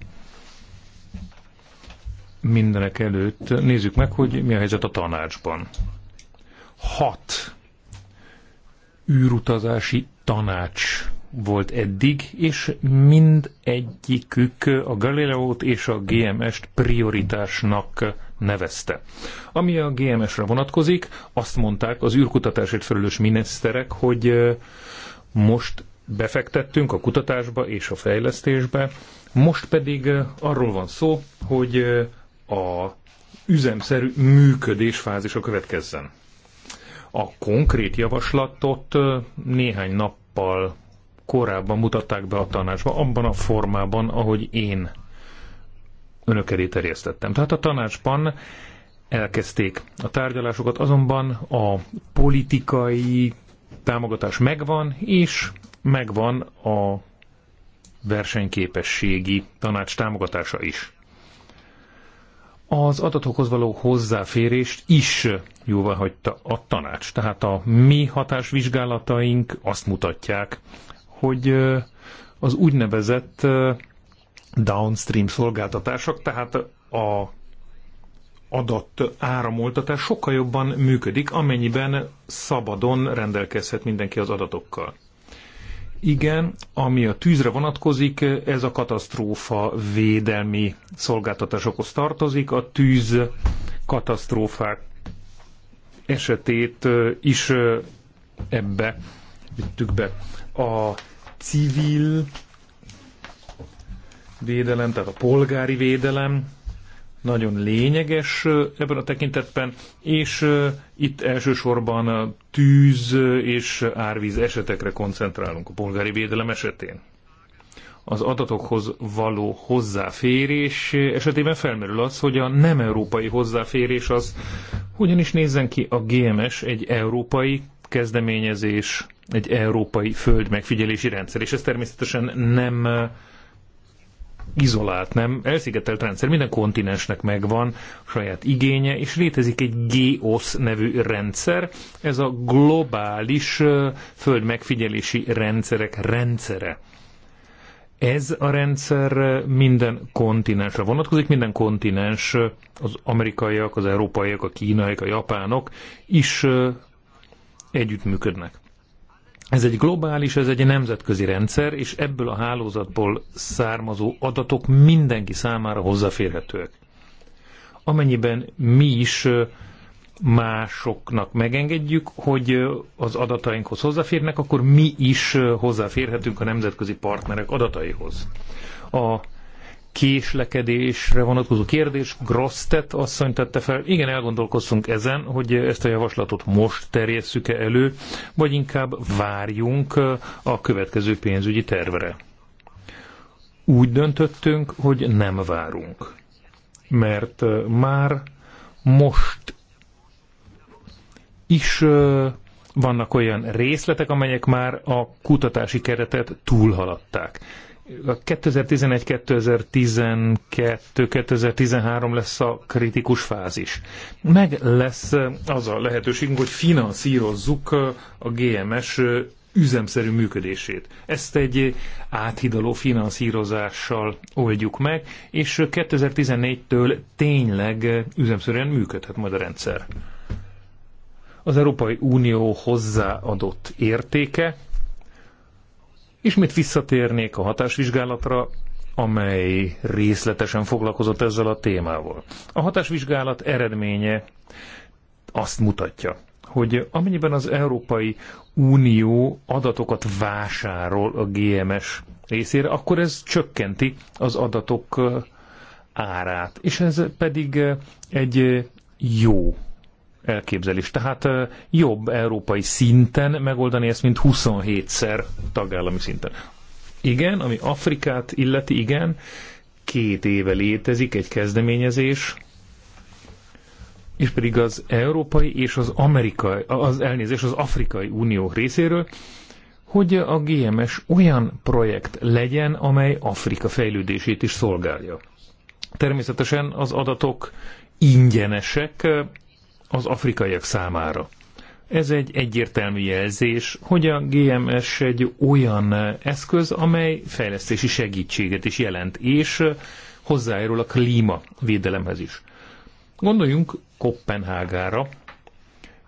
Mindenek előtt nézzük meg, hogy mi a helyzet a tanácsban. Hat űrutazási tanács volt eddig, és mind egyikük a Galileót és a GMS-t prioritásnak nevezte. Ami a GMS-re vonatkozik, azt mondták az űrkutatásért felelős miniszterek, hogy most befektettünk a kutatásba és a fejlesztésbe, most pedig eh, arról van szó, hogy eh, a üzemszerű működés fázisa következzen. A konkrét javaslatot eh, néhány nappal korábban mutatták be a tanácsba, abban a formában, ahogy én önök elé terjesztettem. Tehát a tanácsban elkezdték a tárgyalásokat, azonban a politikai támogatás megvan, és megvan a versenyképességi tanács támogatása is. Az adatokhoz való hozzáférést is jóvá hagyta a tanács. Tehát a mi hatásvizsgálataink azt mutatják, hogy az úgynevezett downstream szolgáltatások, tehát a adat áramoltatás sokkal jobban működik, amennyiben szabadon rendelkezhet mindenki az adatokkal. Igen, ami a tűzre vonatkozik, ez a katasztrófa védelmi szolgáltatásokhoz tartozik. A tűz katasztrófák esetét is ebbe vittük be. A civil védelem, tehát a polgári védelem nagyon lényeges ebben a tekintetben, és itt elsősorban a tűz és árvíz esetekre koncentrálunk a polgári védelem esetén. Az adatokhoz való hozzáférés esetében felmerül az, hogy a nem európai hozzáférés az hogyan is nézzen ki a GMS egy európai kezdeményezés, egy európai földmegfigyelési rendszer, és ez természetesen nem izolált, nem elszigetelt rendszer. Minden kontinensnek megvan saját igénye, és létezik egy GOS nevű rendszer. Ez a globális föld megfigyelési rendszerek rendszere. Ez a rendszer minden kontinensre vonatkozik, minden kontinens, az amerikaiak, az európaiak, a kínaiak, a japánok is együttműködnek. Ez egy globális, ez egy nemzetközi rendszer, és ebből a hálózatból származó adatok mindenki számára hozzáférhetőek. Amennyiben mi is másoknak megengedjük, hogy az adatainkhoz hozzáférnek, akkor mi is hozzáférhetünk a nemzetközi partnerek adataihoz. A késlekedésre vonatkozó kérdés, Grosztet asszony tette fel. Igen, elgondolkoztunk ezen, hogy ezt a javaslatot most terjesszük-e elő, vagy inkább várjunk eh, a következő pénzügyi tervre. Úgy döntöttünk, hogy nem várunk, mert eh, már most is eh, vannak olyan részletek, amelyek már a kutatási keretet túlhaladták. 2011-2012-2013 lesz a kritikus fázis. Meg lesz az a lehetőségünk, hogy finanszírozzuk a GMS üzemszerű működését. Ezt egy áthidaló finanszírozással oldjuk meg, és 2014-től tényleg üzemszerűen működhet majd a rendszer. Az Európai Unió hozzáadott értéke Ismét visszatérnék a hatásvizsgálatra, amely részletesen foglalkozott ezzel a témával. A hatásvizsgálat eredménye azt mutatja, hogy amennyiben az Európai Unió adatokat vásárol a GMS részére, akkor ez csökkenti az adatok árát, és ez pedig egy jó elképzelés. Tehát jobb európai szinten megoldani ezt, mint 27-szer tagállami szinten. Igen, ami Afrikát illeti, igen, két éve létezik egy kezdeményezés, és pedig az Európai és az Amerikai, az elnézés az Afrikai Unió részéről, hogy a GMS olyan projekt legyen, amely Afrika fejlődését is szolgálja. Természetesen az adatok ingyenesek, az afrikaiak számára. Ez egy egyértelmű jelzés, hogy a GMS egy olyan eszköz, amely fejlesztési segítséget is jelent, és hozzájárul a klímavédelemhez is. Gondoljunk Kopenhágára,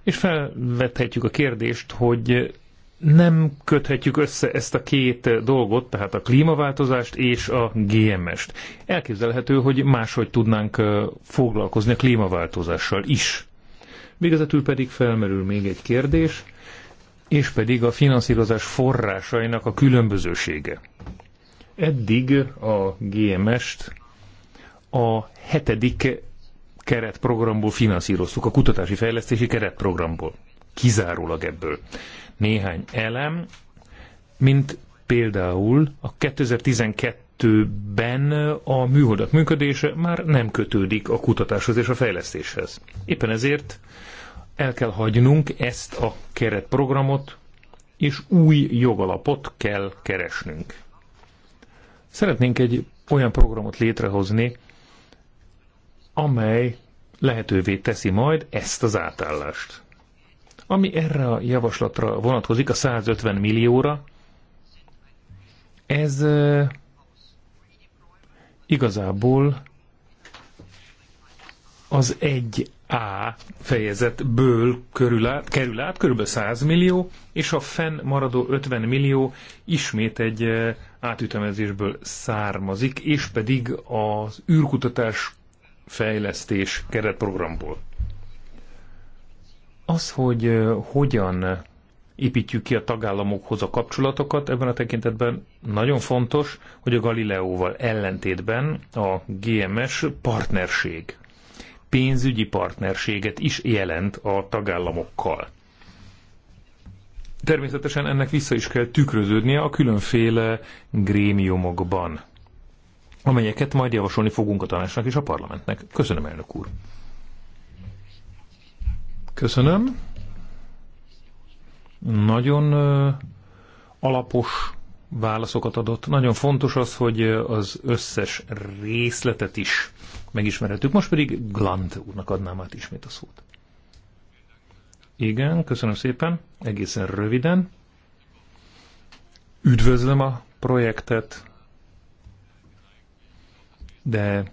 és felvethetjük a kérdést, hogy nem köthetjük össze ezt a két dolgot, tehát a klímaváltozást és a GMS-t. Elképzelhető, hogy máshogy tudnánk foglalkozni a klímaváltozással is. Végezetül pedig felmerül még egy kérdés, és pedig a finanszírozás forrásainak a különbözősége. Eddig a GMS-t a hetedik keretprogramból finanszíroztuk, a kutatási fejlesztési keretprogramból. Kizárólag ebből. Néhány elem, mint például a 2012 2022 ben a műholdak működése már nem kötődik a kutatáshoz és a fejlesztéshez. Éppen ezért el kell hagynunk ezt a keretprogramot, és új jogalapot kell keresnünk. Szeretnénk egy olyan programot létrehozni, amely lehetővé teszi majd ezt az átállást. Ami erre a javaslatra vonatkozik, a 150 millióra, ez Igazából az egy a fejezetből körül át, kerül át kb. 100 millió, és a fennmaradó 50 millió ismét egy eh, átütemezésből származik, és pedig az űrkutatás fejlesztés keretprogramból. Az, hogy eh, hogyan építjük ki a tagállamokhoz a kapcsolatokat. Ebben a tekintetben nagyon fontos, hogy a Galileóval ellentétben a GMS partnerség, pénzügyi partnerséget is jelent a tagállamokkal. Természetesen ennek vissza is kell tükröződnie a különféle grémiumokban, amelyeket majd javasolni fogunk a tanácsnak és a parlamentnek. Köszönöm, elnök úr! Köszönöm. Nagyon alapos válaszokat adott. Nagyon fontos az, hogy az összes részletet is megismerhetük. Most pedig Glant úrnak adnám át ismét a szót. Igen, köszönöm szépen. Egészen röviden. Üdvözlöm a projektet, de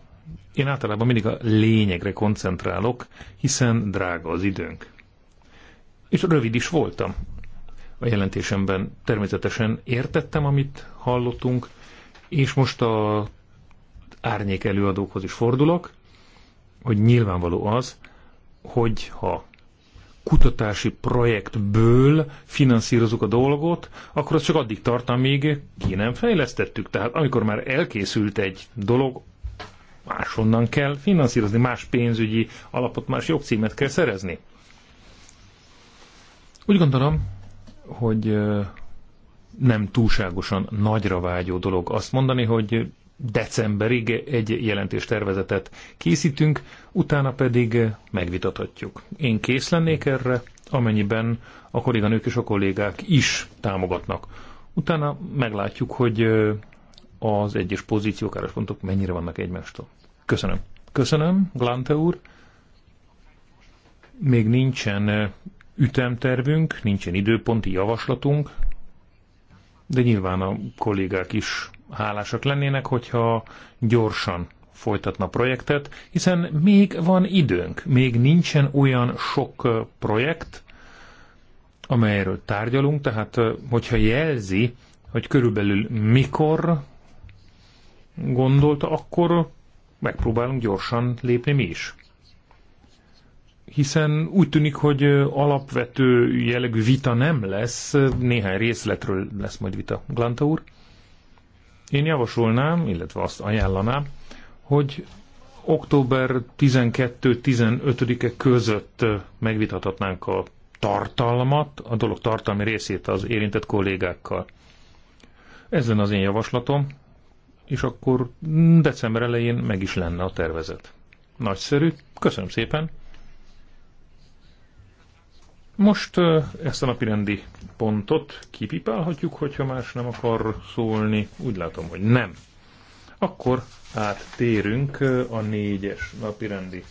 én általában mindig a lényegre koncentrálok, hiszen drága az időnk. És rövid is voltam a jelentésemben természetesen értettem, amit hallottunk, és most a árnyék előadókhoz is fordulok, hogy nyilvánvaló az, hogy ha kutatási projektből finanszírozunk a dolgot, akkor az csak addig tart, amíg ki nem fejlesztettük. Tehát amikor már elkészült egy dolog, máshonnan kell finanszírozni, más pénzügyi alapot, más jogcímet kell szerezni. Úgy gondolom, hogy nem túlságosan nagyra vágyó dolog azt mondani, hogy decemberig egy jelentés tervezetet készítünk, utána pedig megvitathatjuk. Én kész lennék erre, amennyiben a kolléganők és a kollégák is támogatnak. Utána meglátjuk, hogy az egyes pozíciók, pontok mennyire vannak egymástól. Köszönöm. Köszönöm, Glante úr. Még nincsen ütemtervünk, nincsen időponti javaslatunk, de nyilván a kollégák is hálásak lennének, hogyha gyorsan folytatna projektet, hiszen még van időnk, még nincsen olyan sok projekt, amelyről tárgyalunk, tehát hogyha jelzi, hogy körülbelül mikor gondolta, akkor megpróbálunk gyorsan lépni mi is hiszen úgy tűnik, hogy alapvető jellegű vita nem lesz, néhány részletről lesz majd vita. Glanta úr, én javasolnám, illetve azt ajánlanám, hogy október 12-15-e között megvitathatnánk a tartalmat, a dolog tartalmi részét az érintett kollégákkal. Ez lenne az én javaslatom, és akkor december elején meg is lenne a tervezet. Nagyszerű, köszönöm szépen! Most ezt a napirendi pontot kipipálhatjuk, hogyha más nem akar szólni. Úgy látom, hogy nem. Akkor áttérünk a négyes napirendi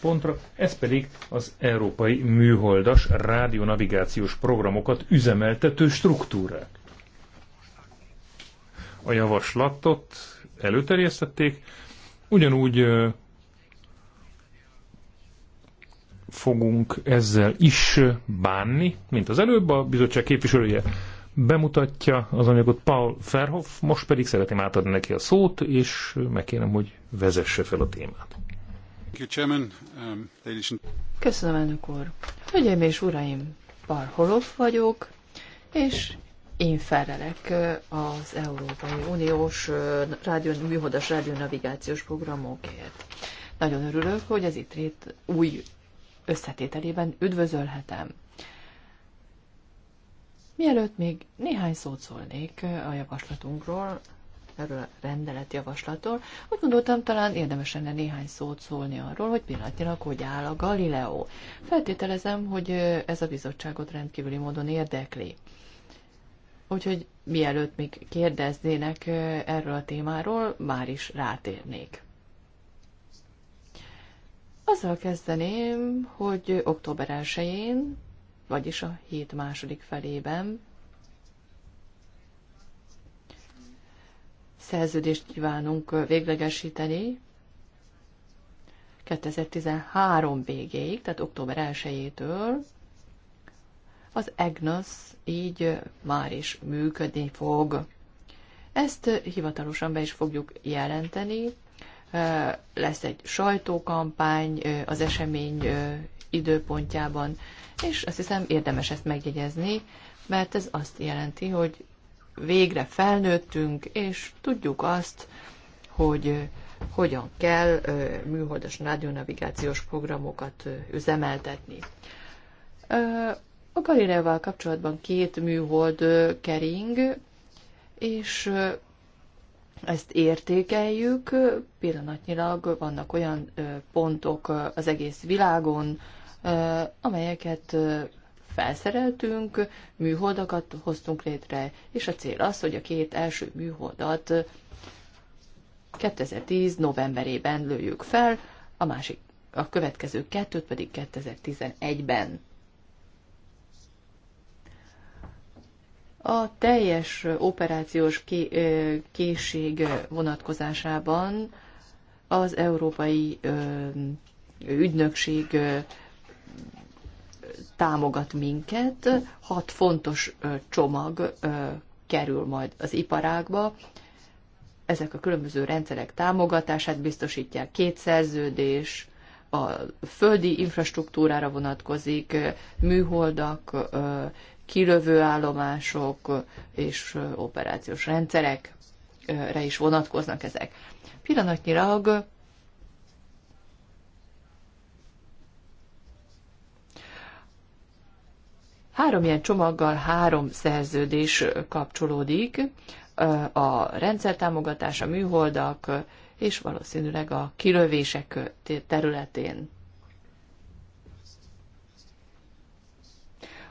pontra, ez pedig az Európai Műholdas Rádionavigációs Programokat üzemeltető struktúrák. A javaslatot előterjesztették, ugyanúgy fogunk ezzel is bánni, mint az előbb a bizottság képviselője bemutatja az anyagot Paul Ferhoff, most pedig szeretném átadni neki a szót, és megkérem, hogy vezesse fel a témát. Um, Köszönöm, elnök úr. Hölgyeim és uraim, Barholov vagyok, és én felelek az Európai Uniós rádió, műhodas rádionavigációs programokért. Nagyon örülök, hogy az itt új összetételében üdvözölhetem. Mielőtt még néhány szót szólnék a javaslatunkról, erről a rendeletjavaslatról, úgy gondoltam talán érdemes lenne néhány szót szólni arról, hogy pillanatnyilag hogy áll a Galileo. Feltételezem, hogy ez a bizottságot rendkívüli módon érdekli. Úgyhogy mielőtt még kérdeznének erről a témáról, már is rátérnék. Azzal kezdeném, hogy október 1-én, vagyis a hét második felében szerződést kívánunk véglegesíteni 2013 végéig, tehát október 1-től az EGNOS így már is működni fog. Ezt hivatalosan be is fogjuk jelenteni lesz egy sajtókampány az esemény időpontjában, és azt hiszem érdemes ezt megjegyezni, mert ez azt jelenti, hogy végre felnőttünk, és tudjuk azt, hogy hogyan kell műholdas rádionavigációs programokat üzemeltetni. A Galileával kapcsolatban két műhold kering, és ezt értékeljük. Pillanatnyilag vannak olyan pontok az egész világon, amelyeket felszereltünk, műholdakat hoztunk létre, és a cél az, hogy a két első műholdat 2010 novemberében lőjük fel, a másik, a következő kettőt pedig 2011-ben. a teljes operációs készség vonatkozásában az Európai Ügynökség támogat minket, hat fontos csomag kerül majd az iparágba, ezek a különböző rendszerek támogatását biztosítják, két szerződés, a földi infrastruktúrára vonatkozik, műholdak, kilövő állomások és operációs rendszerekre is vonatkoznak ezek. Pillanatnyilag Három ilyen csomaggal három szerződés kapcsolódik, a rendszertámogatás, a műholdak és valószínűleg a kilövések területén.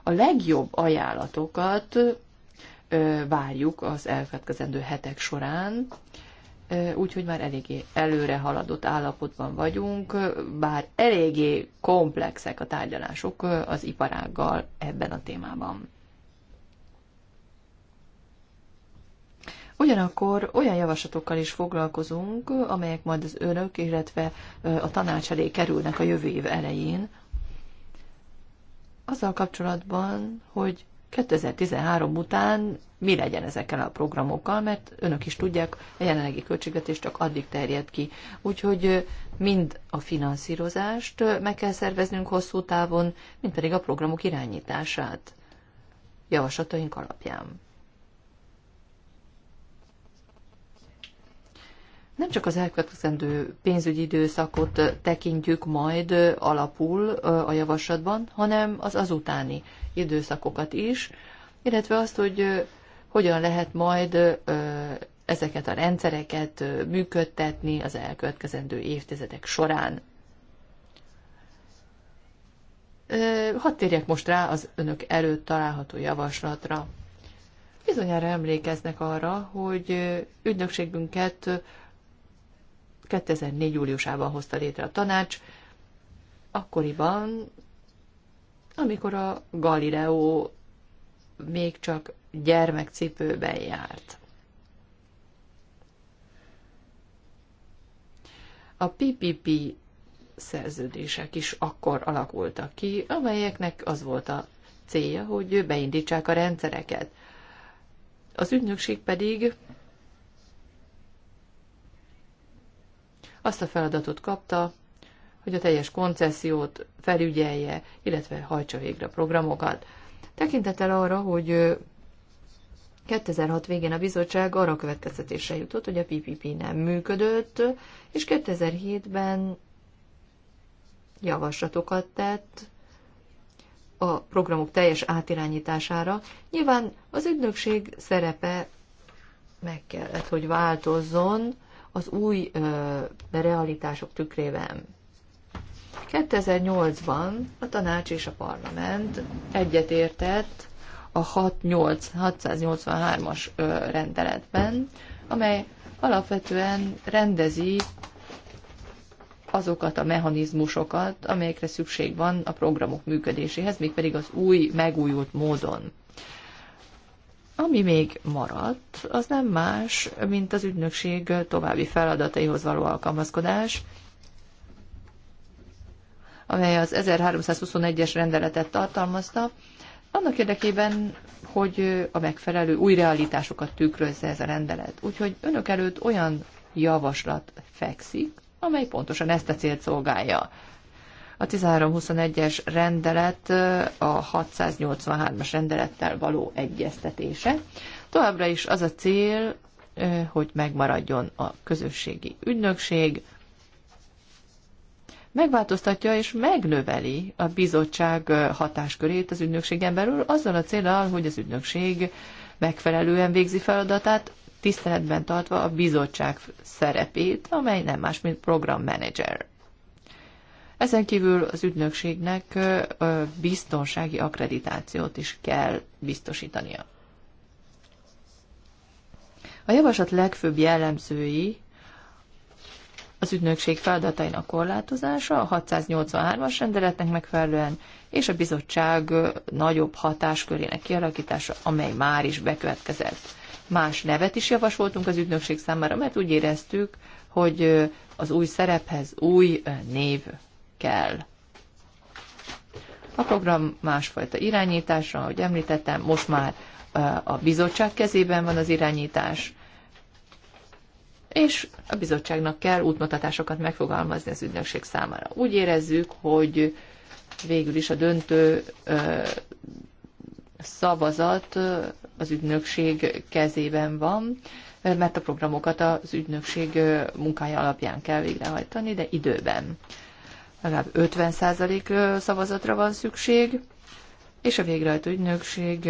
a legjobb ajánlatokat várjuk az elfetkezendő hetek során, úgyhogy már eléggé előre haladott állapotban vagyunk, bár eléggé komplexek a tárgyalások az iparággal ebben a témában. Ugyanakkor olyan javaslatokkal is foglalkozunk, amelyek majd az önök, illetve a tanács elé kerülnek a jövő év elején, azzal kapcsolatban, hogy 2013 után mi legyen ezekkel a programokkal, mert önök is tudják, a jelenlegi költségvetés csak addig terjed ki. Úgyhogy mind a finanszírozást meg kell szerveznünk hosszú távon, mind pedig a programok irányítását javaslataink alapján. nem csak az elkövetkezendő pénzügyi időszakot tekintjük majd alapul a javaslatban, hanem az azutáni időszakokat is, illetve azt, hogy hogyan lehet majd ezeket a rendszereket működtetni az elkövetkezendő évtizedek során. Hadd térjek most rá az önök előtt található javaslatra. Bizonyára emlékeznek arra, hogy ügynökségünket 2004. júliusában hozta létre a tanács, akkoriban, amikor a Galileo még csak gyermekcipőben járt. A PPP szerződések is akkor alakultak ki, amelyeknek az volt a célja, hogy beindítsák a rendszereket. Az ügynökség pedig azt a feladatot kapta, hogy a teljes koncesziót felügyelje, illetve hajtsa végre a programokat. Tekintettel arra, hogy 2006 végén a bizottság arra következtetésre jutott, hogy a PPP nem működött, és 2007-ben javaslatokat tett a programok teljes átirányítására. Nyilván az ügynökség szerepe meg kellett, hogy változzon, az új ö, realitások tükrében. 2008-ban a tanács és a parlament egyetértett a 683-as rendeletben, amely alapvetően rendezi azokat a mechanizmusokat, amelyekre szükség van a programok működéséhez, mégpedig az új, megújult módon. Ami még maradt, az nem más, mint az ügynökség további feladataihoz való alkalmazkodás, amely az 1321-es rendeletet tartalmazta, annak érdekében, hogy a megfelelő új realitásokat tükrözze ez a rendelet. Úgyhogy önök előtt olyan javaslat fekszik, amely pontosan ezt a célt szolgálja a 1321-es rendelet a 683-as rendelettel való egyeztetése. Továbbra is az a cél, hogy megmaradjon a közösségi ügynökség, megváltoztatja és megnöveli a bizottság hatáskörét az ügynökségen belül, azzal a célral, hogy az ügynökség megfelelően végzi feladatát, tiszteletben tartva a bizottság szerepét, amely nem más, mint programmenedzser. Ezen kívül az ügynökségnek biztonsági akkreditációt is kell biztosítania. A javaslat legfőbb jellemzői az ügynökség feladatainak korlátozása a 683-as rendeletnek megfelelően, és a bizottság nagyobb hatáskörének kialakítása, amely már is bekövetkezett. Más nevet is javasoltunk az ügynökség számára, mert úgy éreztük, hogy az új szerephez új név kell. A program másfajta irányításra, ahogy említettem, most már a bizottság kezében van az irányítás, és a bizottságnak kell útmutatásokat megfogalmazni az ügynökség számára. Úgy érezzük, hogy végül is a döntő szavazat az ügynökség kezében van, mert a programokat az ügynökség munkája alapján kell végrehajtani, de időben legalább 50% szavazatra van szükség, és a végrehajtó ügynökség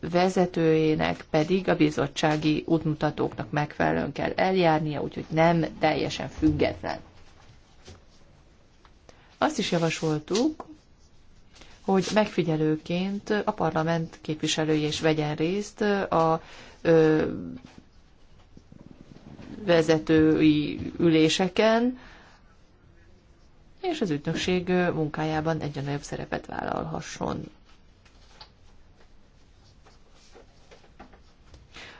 vezetőjének pedig a bizottsági útmutatóknak megfelelően kell eljárnia, úgyhogy nem teljesen független. Azt is javasoltuk, hogy megfigyelőként a parlament képviselői is vegyen részt a ö, vezetői üléseken, és az ügynökség munkájában egyre nagyobb szerepet vállalhasson.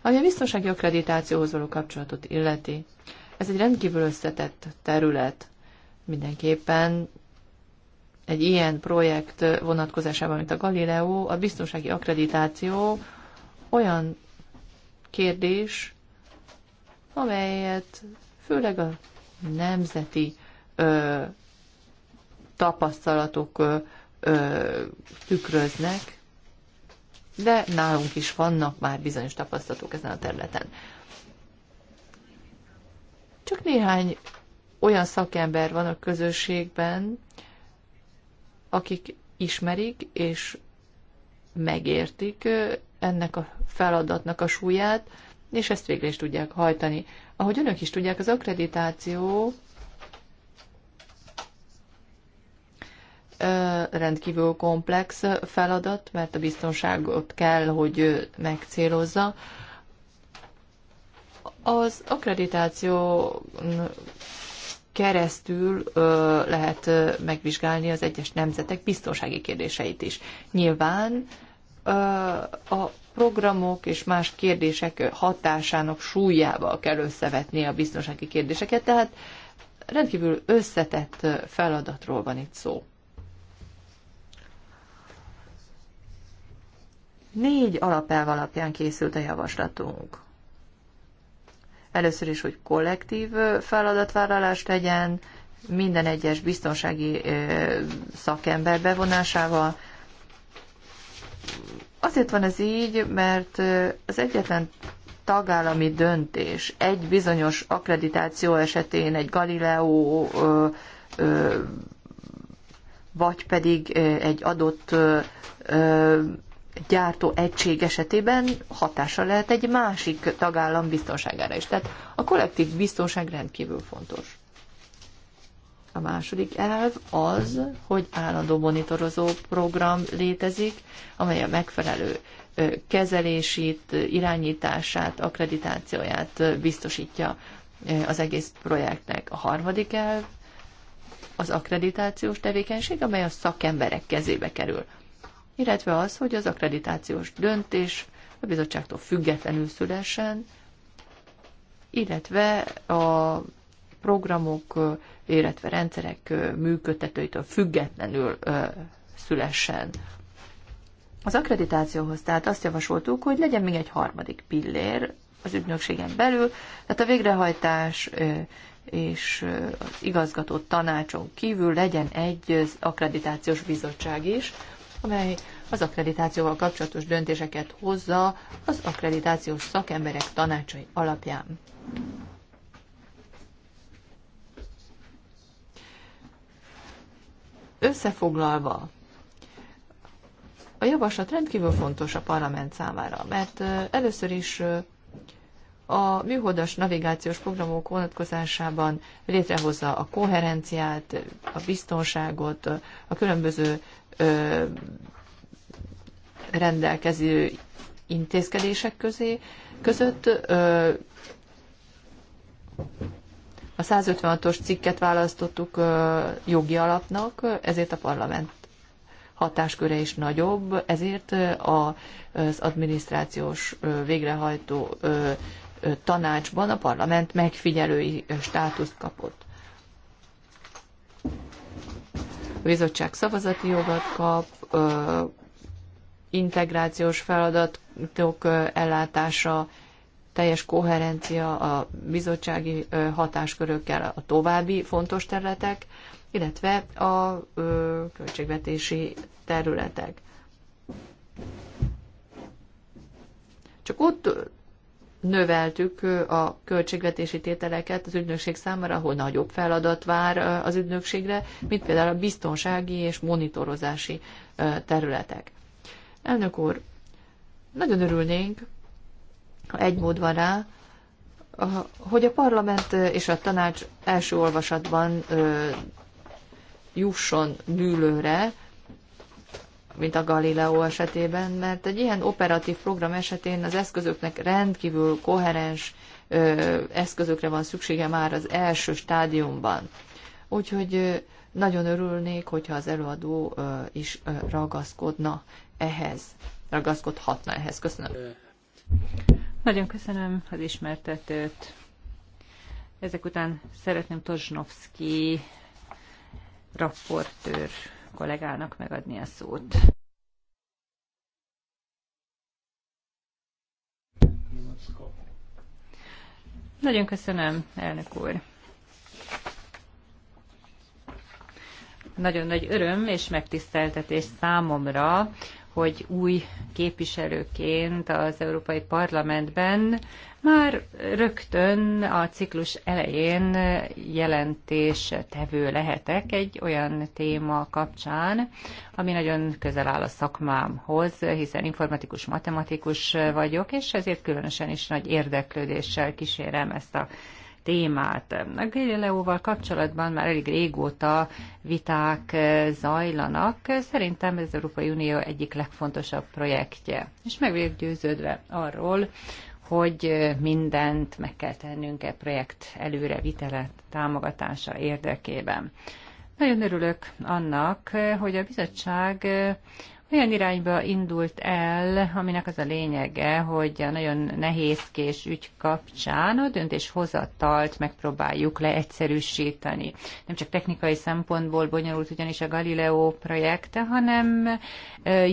Ami a biztonsági akkreditációhoz való kapcsolatot illeti, ez egy rendkívül összetett terület. Mindenképpen egy ilyen projekt vonatkozásában, mint a Galileo, a biztonsági akkreditáció olyan kérdés, amelyet főleg a nemzeti tapasztalatok tükröznek, de nálunk is vannak már bizonyos tapasztalatok ezen a területen. Csak néhány olyan szakember van a közösségben, akik ismerik és megértik ennek a feladatnak a súlyát, és ezt végre is tudják hajtani. Ahogy önök is tudják, az akkreditáció rendkívül komplex feladat, mert a biztonságot kell, hogy megcélozza. Az akkreditáció keresztül lehet megvizsgálni az egyes nemzetek biztonsági kérdéseit is. Nyilván a programok és más kérdések hatásának súlyával kell összevetni a biztonsági kérdéseket, tehát rendkívül összetett feladatról van itt szó. Négy alapelv alapján készült a javaslatunk. Először is, hogy kollektív feladatvállalást legyen, minden egyes biztonsági szakember bevonásával. Azért van ez így, mert az egyetlen tagállami döntés egy bizonyos akkreditáció esetén, egy Galileo vagy pedig egy adott gyártó egység esetében hatása lehet egy másik tagállam biztonságára is. Tehát a kollektív biztonság rendkívül fontos. A második elv az, hogy állandó monitorozó program létezik, amely a megfelelő kezelését, irányítását, akkreditációját biztosítja az egész projektnek. A harmadik elv az akkreditációs tevékenység, amely a szakemberek kezébe kerül illetve az, hogy az akkreditációs döntés a bizottságtól függetlenül szülessen, illetve a programok, illetve rendszerek működtetőitől függetlenül szülessen. Az akkreditációhoz tehát azt javasoltuk, hogy legyen még egy harmadik pillér az ügynökségen belül, tehát a végrehajtás és az igazgató tanácson kívül legyen egy akkreditációs bizottság is, amely az akkreditációval kapcsolatos döntéseket hozza az akkreditációs szakemberek tanácsai alapján. Összefoglalva, a javaslat rendkívül fontos a parlament számára, mert először is a műholdas navigációs programok vonatkozásában létrehozza a koherenciát, a biztonságot, a különböző rendelkező intézkedések közé, között a 156-os cikket választottuk jogi alapnak, ezért a parlament hatásköre is nagyobb, ezért az adminisztrációs végrehajtó tanácsban a parlament megfigyelői státuszt kapott. A bizottság szavazati jogat kap, integrációs feladatok ellátása, teljes koherencia a bizottsági hatáskörökkel a további fontos területek, illetve a költségvetési területek. Csak ott növeltük a költségvetési tételeket az ügynökség számára, ahol nagyobb feladat vár az ügynökségre, mint például a biztonsági és monitorozási területek. Elnök úr, nagyon örülnénk, ha egy mód van rá, hogy a parlament és a tanács első olvasatban jusson nőlőre, mint a Galileo esetében, mert egy ilyen operatív program esetén az eszközöknek rendkívül koherens eszközökre van szüksége már az első stádiumban. Úgyhogy nagyon örülnék, hogyha az előadó is ragaszkodna ehhez, ragaszkodhatna ehhez. Köszönöm. Nagyon köszönöm az ismertetőt. Ezek után szeretném Tozsnovszki rapportőr kollégának megadni a szót. Nagyon köszönöm, elnök úr. Nagyon nagy öröm és megtiszteltetés számomra, hogy új képviselőként az Európai Parlamentben már rögtön a ciklus elején jelentés tevő lehetek egy olyan téma kapcsán, ami nagyon közel áll a szakmámhoz, hiszen informatikus matematikus vagyok, és ezért különösen is nagy érdeklődéssel kísérem ezt a témát. A Galileóval kapcsolatban már elég régóta viták eh, zajlanak. Szerintem ez az Európai Unió egyik legfontosabb projektje. És meg vagyok győződve arról, hogy eh, mindent meg kell tennünk e projekt előrevitele támogatása érdekében. Nagyon örülök annak, eh, hogy a bizottság olyan irányba indult el, aminek az a lényege, hogy a nagyon nehézkés ügy kapcsán a döntéshozatalt megpróbáljuk leegyszerűsíteni. Nem csak technikai szempontból bonyolult ugyanis a Galileo projekt, hanem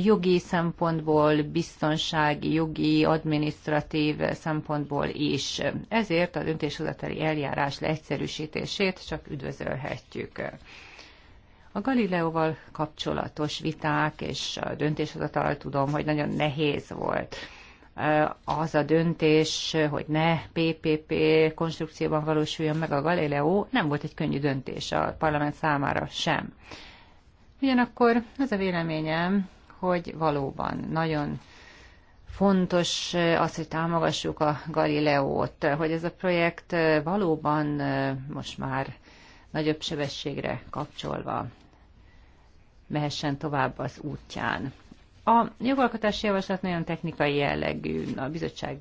jogi szempontból, biztonsági, jogi, adminisztratív szempontból is. Ezért a döntéshozatali eljárás leegyszerűsítését csak üdvözölhetjük. A Galileóval kapcsolatos viták és a döntéshozatal tudom, hogy nagyon nehéz volt az a döntés, hogy ne PPP konstrukcióban valósuljon meg a Galileo, nem volt egy könnyű döntés a parlament számára sem. Ugyanakkor az a véleményem, hogy valóban nagyon fontos az, hogy támogassuk a Galileót, hogy ez a projekt valóban most már nagyobb sebességre kapcsolva mehessen tovább az útján. A jogalkotási javaslat nagyon technikai jellegű, a bizottság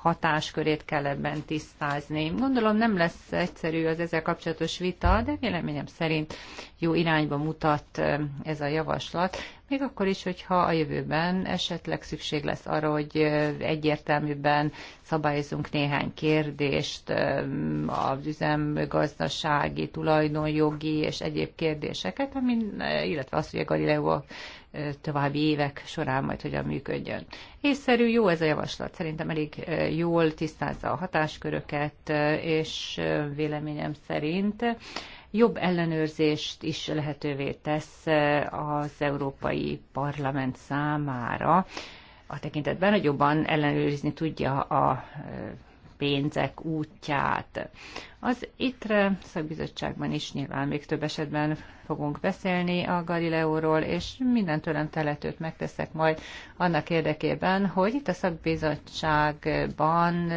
hatáskörét kell ebben tisztázni. Gondolom nem lesz egyszerű az ezzel kapcsolatos vita, de véleményem szerint jó irányba mutat ez a javaslat. Még akkor is, hogyha a jövőben esetleg szükség lesz arra, hogy egyértelműbben szabályozunk néhány kérdést, az üzemgazdasági, tulajdonjogi és egyéb kérdéseket, amin, illetve azt, hogy a Galileo további évek során majd hogyan működjön. Észszerű, jó ez a javaslat. Szerintem elég jól tisztázza a hatásköröket, és véleményem szerint jobb ellenőrzést is lehetővé tesz az Európai Parlament számára, a tekintetben, hogy jobban ellenőrizni tudja a pénzek útját. Az ITRE szakbizottságban is nyilván még több esetben fogunk beszélni a Galileóról, és minden tőlem teletőt megteszek majd annak érdekében, hogy itt a szakbizottságban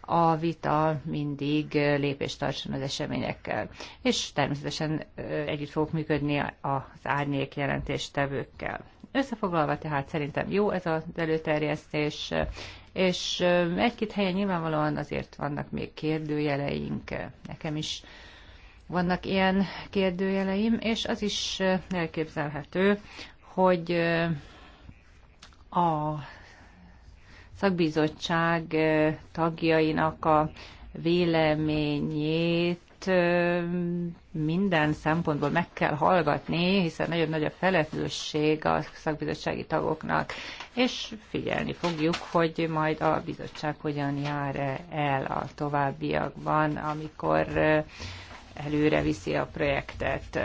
a vita mindig lépést tartson az eseményekkel. És természetesen együtt fogok működni az árnyék jelentéstevőkkel. Összefoglalva tehát szerintem jó ez az előterjesztés, és egy-két helyen nyilvánvalóan azért vannak még kérdőjeleink, nekem is vannak ilyen kérdőjeleim, és az is elképzelhető, hogy a szakbizottság tagjainak a véleményét ezeket hát, minden szempontból meg kell hallgatni, hiszen nagyon nagy a felelősség a szakbizottsági tagoknak, és figyelni fogjuk, hogy majd a bizottság hogyan jár -e el a továbbiakban, amikor előre viszi a projektet.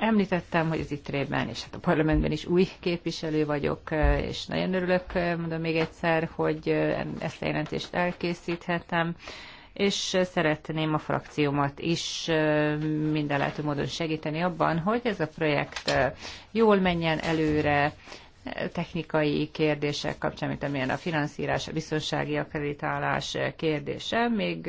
Említettem, hogy az ITRE-ben és hát a parlamentben is új képviselő vagyok, és nagyon örülök, mondom még egyszer, hogy ezt a jelentést elkészíthetem és szeretném a frakciómat is minden lehető módon segíteni abban, hogy ez a projekt jól menjen előre, technikai kérdések kapcsán, mint amilyen a finanszírás, a biztonsági akreditálás kérdése, még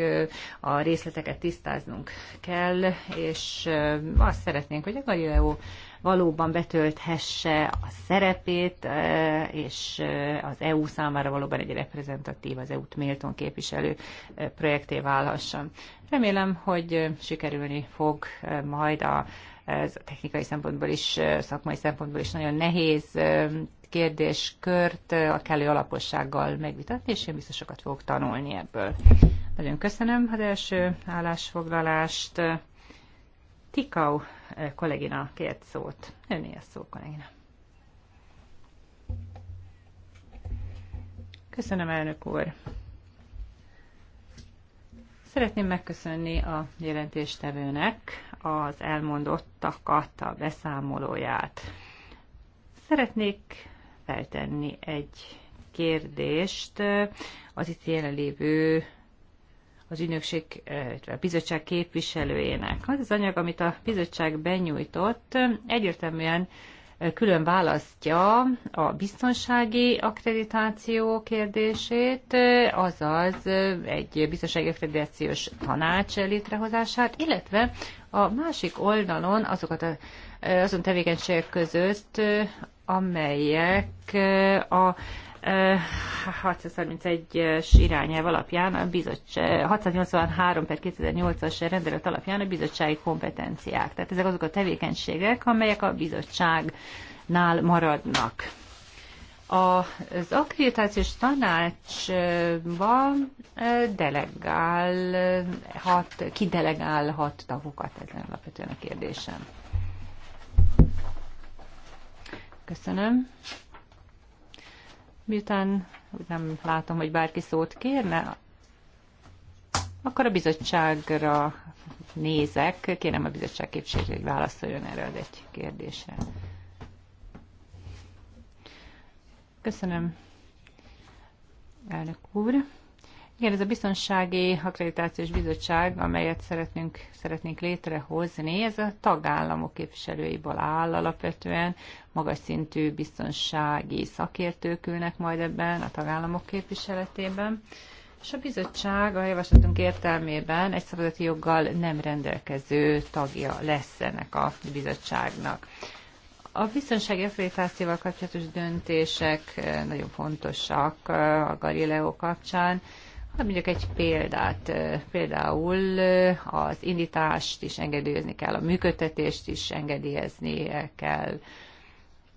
a részleteket tisztáznunk kell, és azt szeretnénk, hogy a Galileo valóban betölthesse a szerepét, és az EU számára valóban egy reprezentatív, az EU-t méltón képviselő projekté válhasson. Remélem, hogy sikerülni fog majd a ez technikai szempontból is, szakmai szempontból is nagyon nehéz kérdéskört a kellő alapossággal megvitatni, és én biztos sokat fogok tanulni ebből. Nagyon köszönöm az első állásfoglalást. Tikau kollégina kért szót. Önné a szó, kollégina. Köszönöm, elnök úr. Szeretném megköszönni a jelentéstevőnek az elmondottakat, a beszámolóját. Szeretnék feltenni egy kérdést az itt jelenlévő az ügynökség, eh, a bizottság képviselőjének. Az az anyag, amit a bizottság benyújtott, egyértelműen eh, külön választja a biztonsági akkreditáció kérdését, eh, azaz egy biztonsági akkreditációs tanács létrehozását, illetve a másik oldalon azokat a, azon tevékenységek között, amelyek a 631-es irányelv alapján, a bizottság, 683 per 2008-as rendelet alapján a bizottsági kompetenciák. Tehát ezek azok a tevékenységek, amelyek a bizottságnál maradnak. Az akkreditációs tanácsban delegálhat, kidelegálhat tagokat ezen alapvetően a kérdésen. Köszönöm. Miután nem látom, hogy bárki szót kérne, akkor a bizottságra nézek. Kérem a bizottság képviselő, hogy válaszoljon erre az egy kérdésre. Köszönöm, elnök úr. Igen, ez a Biztonsági Akkreditációs Bizottság, amelyet szeretnénk, szeretnénk létrehozni, ez a tagállamok képviselőiből áll alapvetően, magas szintű biztonsági szakértők ülnek majd ebben a tagállamok képviseletében, és a bizottság a javaslatunk értelmében egy szabadati joggal nem rendelkező tagja lesz ennek a bizottságnak. A biztonsági akkreditációval kapcsolatos döntések nagyon fontosak a Galileo kapcsán. Hát mondjuk egy példát, például az indítást is engedélyezni kell, a működtetést is engedélyezni kell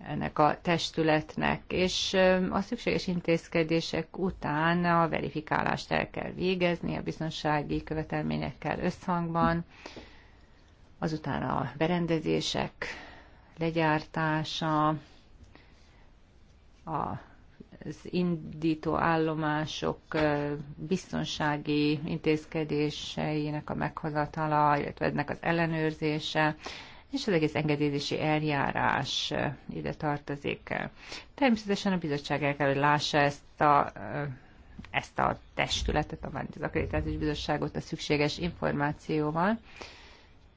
ennek a testületnek, és a szükséges intézkedések után a verifikálást el kell végezni a biztonsági követelményekkel összhangban, azután a berendezések legyártása, a az indító állomások biztonsági intézkedéseinek a meghozatala, illetve ennek az ellenőrzése, és az egész engedélyezési eljárás ide tartozik. Természetesen a bizottság el kell, hogy lássa ezt a ezt a testületet, a az akreditációs Bizottságot a szükséges információval.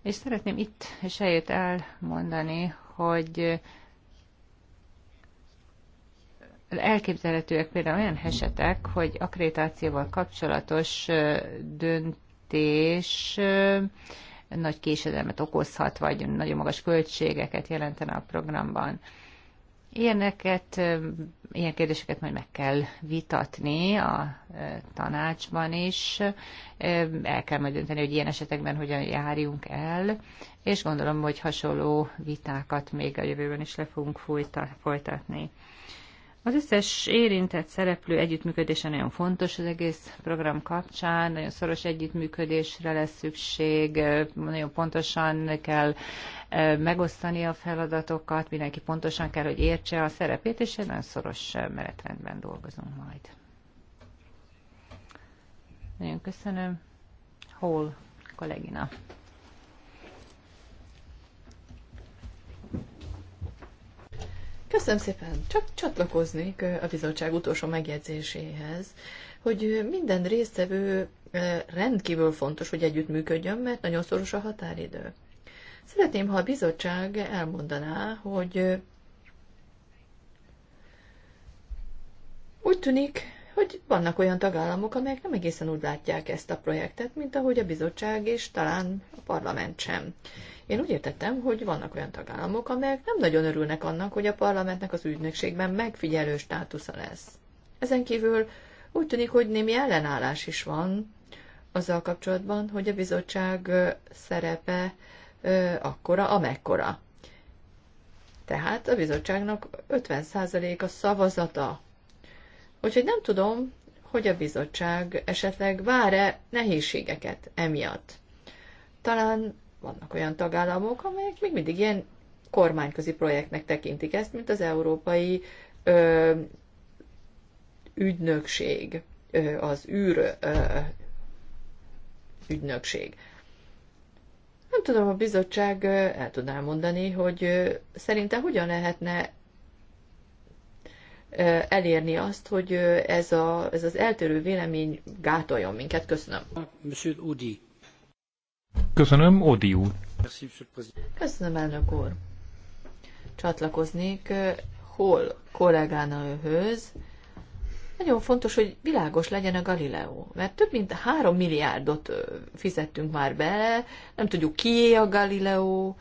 És szeretném itt és eljött elmondani, hogy elképzelhetőek például olyan esetek, hogy akkreditációval kapcsolatos döntés nagy késedelmet okozhat, vagy nagyon magas költségeket jelentene a programban. Ilyeneket, ilyen kérdéseket majd meg kell vitatni a tanácsban is. El kell majd dönteni, hogy ilyen esetekben hogyan járjunk el, és gondolom, hogy hasonló vitákat még a jövőben is le fogunk folytatni. Az összes érintett szereplő együttműködése nagyon fontos az egész program kapcsán, nagyon szoros együttműködésre lesz szükség, nagyon pontosan kell e, megosztani a feladatokat, mindenki pontosan kell, hogy értse a szerepét, és nagyon szoros e, meretrendben dolgozunk majd. Nagyon köszönöm. Hol kollégina. Köszönöm szépen. Csak csatlakoznék a bizottság utolsó megjegyzéséhez, hogy minden résztvevő rendkívül fontos, hogy együttműködjön, mert nagyon szoros a határidő. Szeretném, ha a bizottság elmondaná, hogy úgy tűnik, hogy vannak olyan tagállamok, amelyek nem egészen úgy látják ezt a projektet, mint ahogy a bizottság és talán a parlament sem. Én úgy értettem, hogy vannak olyan tagállamok, amelyek nem nagyon örülnek annak, hogy a parlamentnek az ügynökségben megfigyelő státusza lesz. Ezen kívül úgy tűnik, hogy némi ellenállás is van azzal kapcsolatban, hogy a bizottság szerepe akkora, amekkora. Tehát a bizottságnak 50% a szavazata Úgyhogy nem tudom, hogy a bizottság esetleg vár-e nehézségeket emiatt. Talán vannak olyan tagállamok, amelyek még mindig ilyen kormányközi projektnek tekintik ezt, mint az európai ö, ügynökség, ö, az űr ö, ügynökség. Nem tudom, a bizottság el tudná mondani, hogy szerinte hogyan lehetne elérni azt, hogy ez, a, ez az eltérő vélemény gátoljon minket. Köszönöm. Udi. Köszönöm, Odi úr. Köszönöm, elnök úr. Csatlakoznék hol őhöz. Nagyon fontos, hogy világos legyen a Galileo, mert több mint három milliárdot fizettünk már be, nem tudjuk kié a Galileo,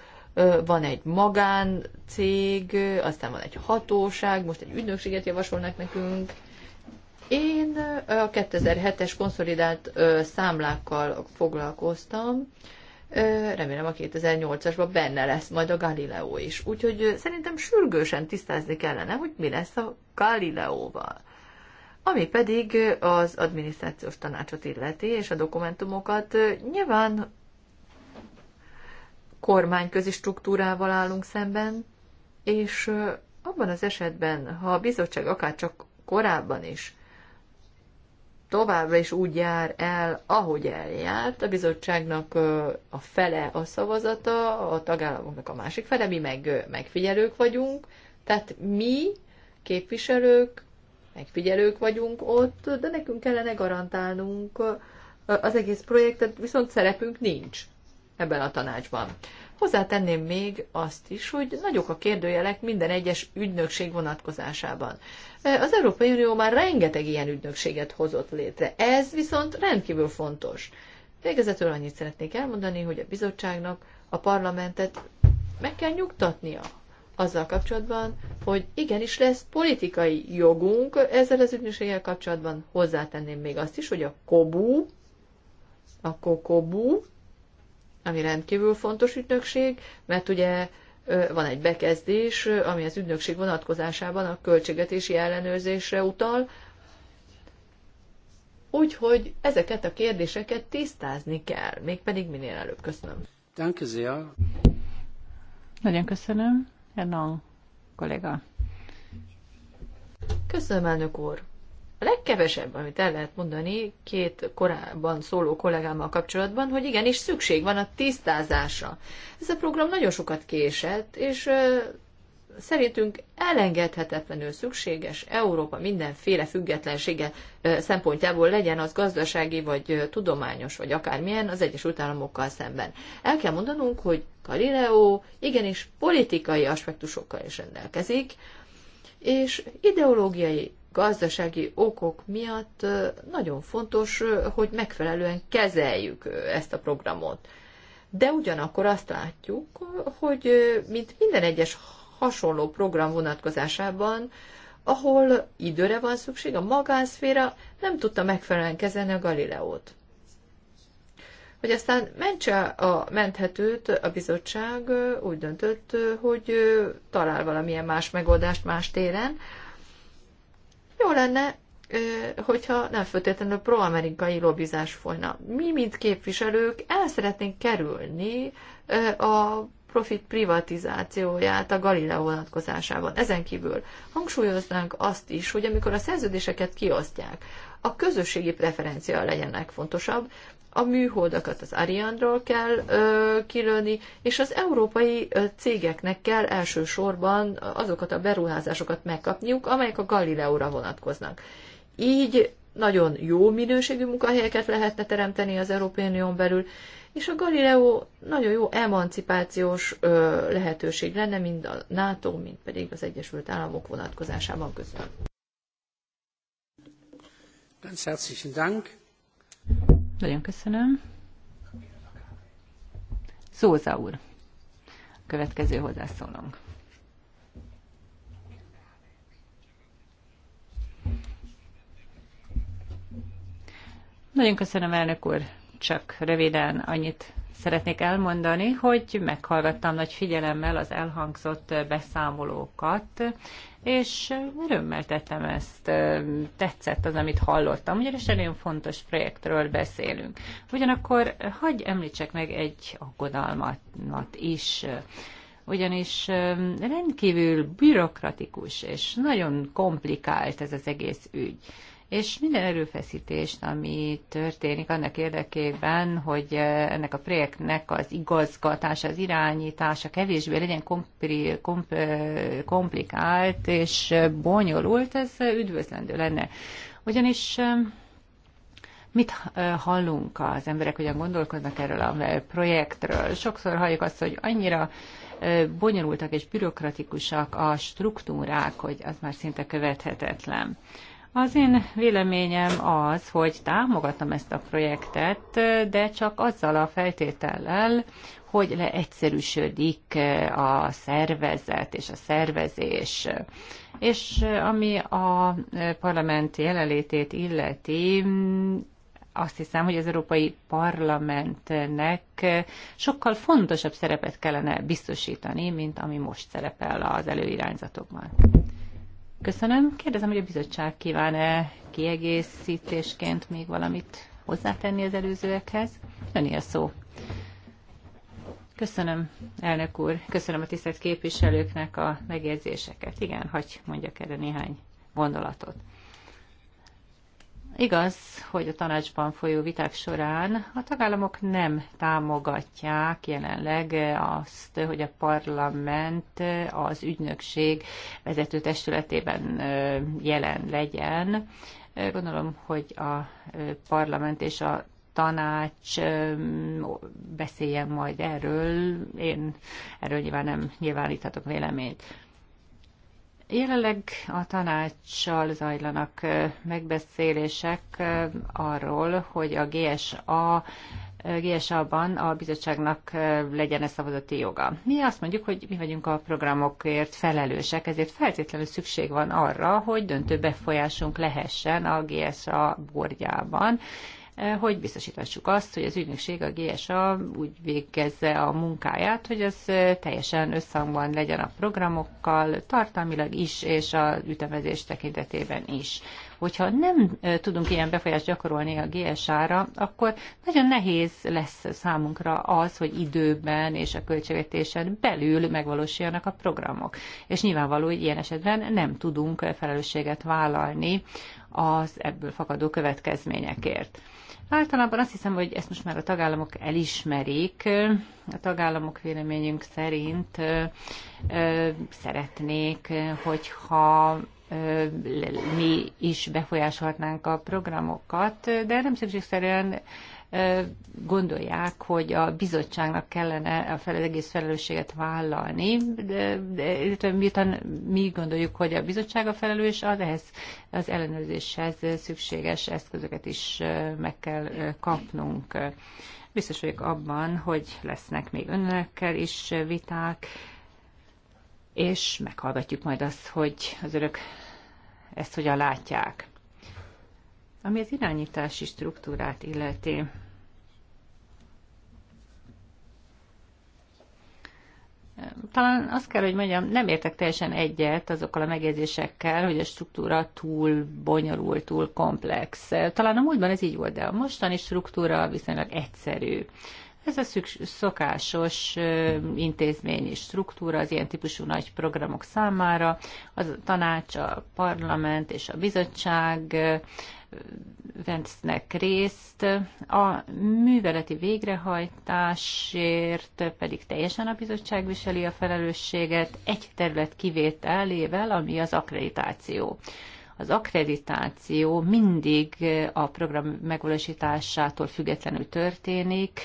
van egy magáncég, aztán van egy hatóság, most egy ügynökséget javasolnak nekünk. Én a 2007-es konszolidált számlákkal foglalkoztam, remélem a 2008-asban benne lesz majd a Galileo is. Úgyhogy szerintem sürgősen tisztázni kellene, hogy mi lesz a Galileóval. Ami pedig az adminisztrációs tanácsot illeti, és a dokumentumokat nyilván kormányközi struktúrával állunk szemben, és abban az esetben, ha a bizottság akár csak korábban is továbbra is úgy jár el, ahogy eljárt, a bizottságnak a fele a szavazata, a tagállamoknak a másik fele, mi meg megfigyelők vagyunk, tehát mi képviselők, megfigyelők vagyunk ott, de nekünk kellene garantálnunk az egész projektet, viszont szerepünk nincs ebben a tanácsban. Hozzátenném még azt is, hogy nagyok a kérdőjelek minden egyes ügynökség vonatkozásában. Az Európai Unió már rengeteg ilyen ügynökséget hozott létre. Ez viszont rendkívül fontos. Végezetül annyit szeretnék elmondani, hogy a bizottságnak a parlamentet meg kell nyugtatnia azzal kapcsolatban, hogy igenis lesz politikai jogunk ezzel az ügynökséggel kapcsolatban. Hozzátenném még azt is, hogy a KOBU, a KOKOBU, ami rendkívül fontos ügynökség, mert ugye van egy bekezdés, ami az ügynökség vonatkozásában a költségvetési ellenőrzésre utal, Úgyhogy ezeket a kérdéseket tisztázni kell, mégpedig minél előbb. Köszönöm. Danke sehr. Nagyon köszönöm. Hernán kolléga. Köszönöm, elnök úr a legkevesebb, amit el lehet mondani két korábban szóló kollégámmal kapcsolatban, hogy igenis szükség van a tisztázásra. Ez a program nagyon sokat késett, és szerintünk elengedhetetlenül szükséges Európa mindenféle függetlensége szempontjából legyen az gazdasági, vagy tudományos, vagy akármilyen az Egyesült Államokkal szemben. El kell mondanunk, hogy Galileo igenis politikai aspektusokkal is rendelkezik, és ideológiai gazdasági okok miatt nagyon fontos, hogy megfelelően kezeljük ezt a programot. De ugyanakkor azt látjuk, hogy mint minden egyes hasonló program vonatkozásában, ahol időre van szükség, a magánszféra nem tudta megfelelően kezelni a Galileót. Hogy aztán mentse a menthetőt, a bizottság úgy döntött, hogy talál valamilyen más megoldást más téren, jó lenne, hogyha nem feltétlenül pro-amerikai lobbizás folyna. Mi, mint képviselők, el szeretnénk kerülni a profit privatizációját a Galileo vonatkozásában. Ezen kívül hangsúlyoznánk azt is, hogy amikor a szerződéseket kiosztják, a közösségi preferencia legyen fontosabb, a műholdakat az Ariandról kell ö, kilőni, és az európai ö, cégeknek kell elsősorban azokat a beruházásokat megkapniuk, amelyek a Galileóra vonatkoznak. Így nagyon jó minőségű munkahelyeket lehetne teremteni az Európai Unión belül, és a Galileo nagyon jó emancipációs ö, lehetőség lenne, mind a NATO, mind pedig az Egyesült Államok vonatkozásában. Köszönöm. Ganz herzlichen Dank. Nagyon köszönöm. Szóza úr, következő hozzászólunk. Nagyon köszönöm, elnök úr. Csak röviden annyit szeretnék elmondani, hogy meghallgattam nagy figyelemmel az elhangzott beszámolókat, és örömmel tettem ezt, tetszett az, amit hallottam, ugyanis egy nagyon fontos projektről beszélünk. Ugyanakkor hagyj említsek meg egy aggodalmat is, ugyanis rendkívül bürokratikus és nagyon komplikált ez az egész ügy és minden erőfeszítést, ami történik annak érdekében, hogy eh, ennek a projektnek az igazgatása, az irányítása kevésbé legyen kompri, komp, eh, komplikált és eh, bonyolult, ez üdvözlendő lenne. Ugyanis mit hallunk az emberek, hogyan gondolkoznak erről a projektről? Sokszor halljuk azt, hogy annyira bonyolultak és bürokratikusak a struktúrák, hogy az már szinte követhetetlen. Az én véleményem az, hogy támogatom ezt a projektet, de csak azzal a feltétellel, hogy leegyszerűsödik a szervezet és a szervezés. És ami a parlament jelenlétét illeti, azt hiszem, hogy az Európai Parlamentnek sokkal fontosabb szerepet kellene biztosítani, mint ami most szerepel az előirányzatokban. Köszönöm. Kérdezem, hogy a bizottság kíván-e kiegészítésként még valamit hozzátenni az előzőekhez? Öné a szó. Köszönöm, elnök úr. Köszönöm a tisztelt képviselőknek a megjegyzéseket. Igen, hagyj mondjak erre néhány gondolatot. Igaz, hogy a tanácsban folyó viták során a tagállamok nem támogatják jelenleg azt, hogy a parlament az ügynökség vezető testületében jelen legyen. Gondolom, hogy a parlament és a tanács beszéljen majd erről. Én erről nyilván nem nyilváníthatok véleményt. Jelenleg a tanácssal zajlanak megbeszélések arról, hogy a GSA GSA-ban a bizottságnak legyen-e szavazati joga. Mi azt mondjuk, hogy mi vagyunk a programokért felelősek, ezért feltétlenül szükség van arra, hogy döntő befolyásunk lehessen a GSA bordjában, Eh, hogy biztosíthassuk azt, hogy az ügynökség, a GSA úgy végezze a munkáját, hogy az eh, teljesen összhangban legyen a programokkal, tartalmilag is, és a ütemezés tekintetében is. Hogyha nem eh, tudunk ilyen befolyást gyakorolni a GSA-ra, akkor nagyon nehéz lesz számunkra az, hogy időben és a költségvetésen belül megvalósuljanak a programok. És nyilvánvaló, hogy ilyen esetben nem tudunk felelősséget vállalni az ebből fakadó következményekért. Általában azt hiszem, hogy ezt most már a tagállamok elismerik. A tagállamok véleményünk szerint szeretnék, hogyha mi is befolyásolhatnánk a programokat, de nem szükségszerűen gondolják, hogy a bizottságnak kellene a fel, egész felelősséget vállalni, de, de, illetve miután mi gondoljuk, hogy a bizottság a felelős, az ehhez az ellenőrzéshez szükséges eszközöket is meg kell kapnunk. Biztos vagyok abban, hogy lesznek még önökkel is viták, és meghallgatjuk majd azt, hogy az örök ezt hogyan látják. Ami az irányítási struktúrát illeti, talán azt kell, hogy mondjam, nem értek teljesen egyet azokkal a megjegyzésekkel, hogy a struktúra túl bonyolult, túl komplex. Talán a múltban ez így volt, de a mostani struktúra viszonylag egyszerű. Ez a szokásos intézményi struktúra az ilyen típusú nagy programok számára. Az a tanács, a parlament és a bizottság vesznek részt, a műveleti végrehajtásért pedig teljesen a bizottság viseli a felelősséget, egy terület kivételével, ami az akkreditáció az akkreditáció mindig a program megvalósításától függetlenül történik,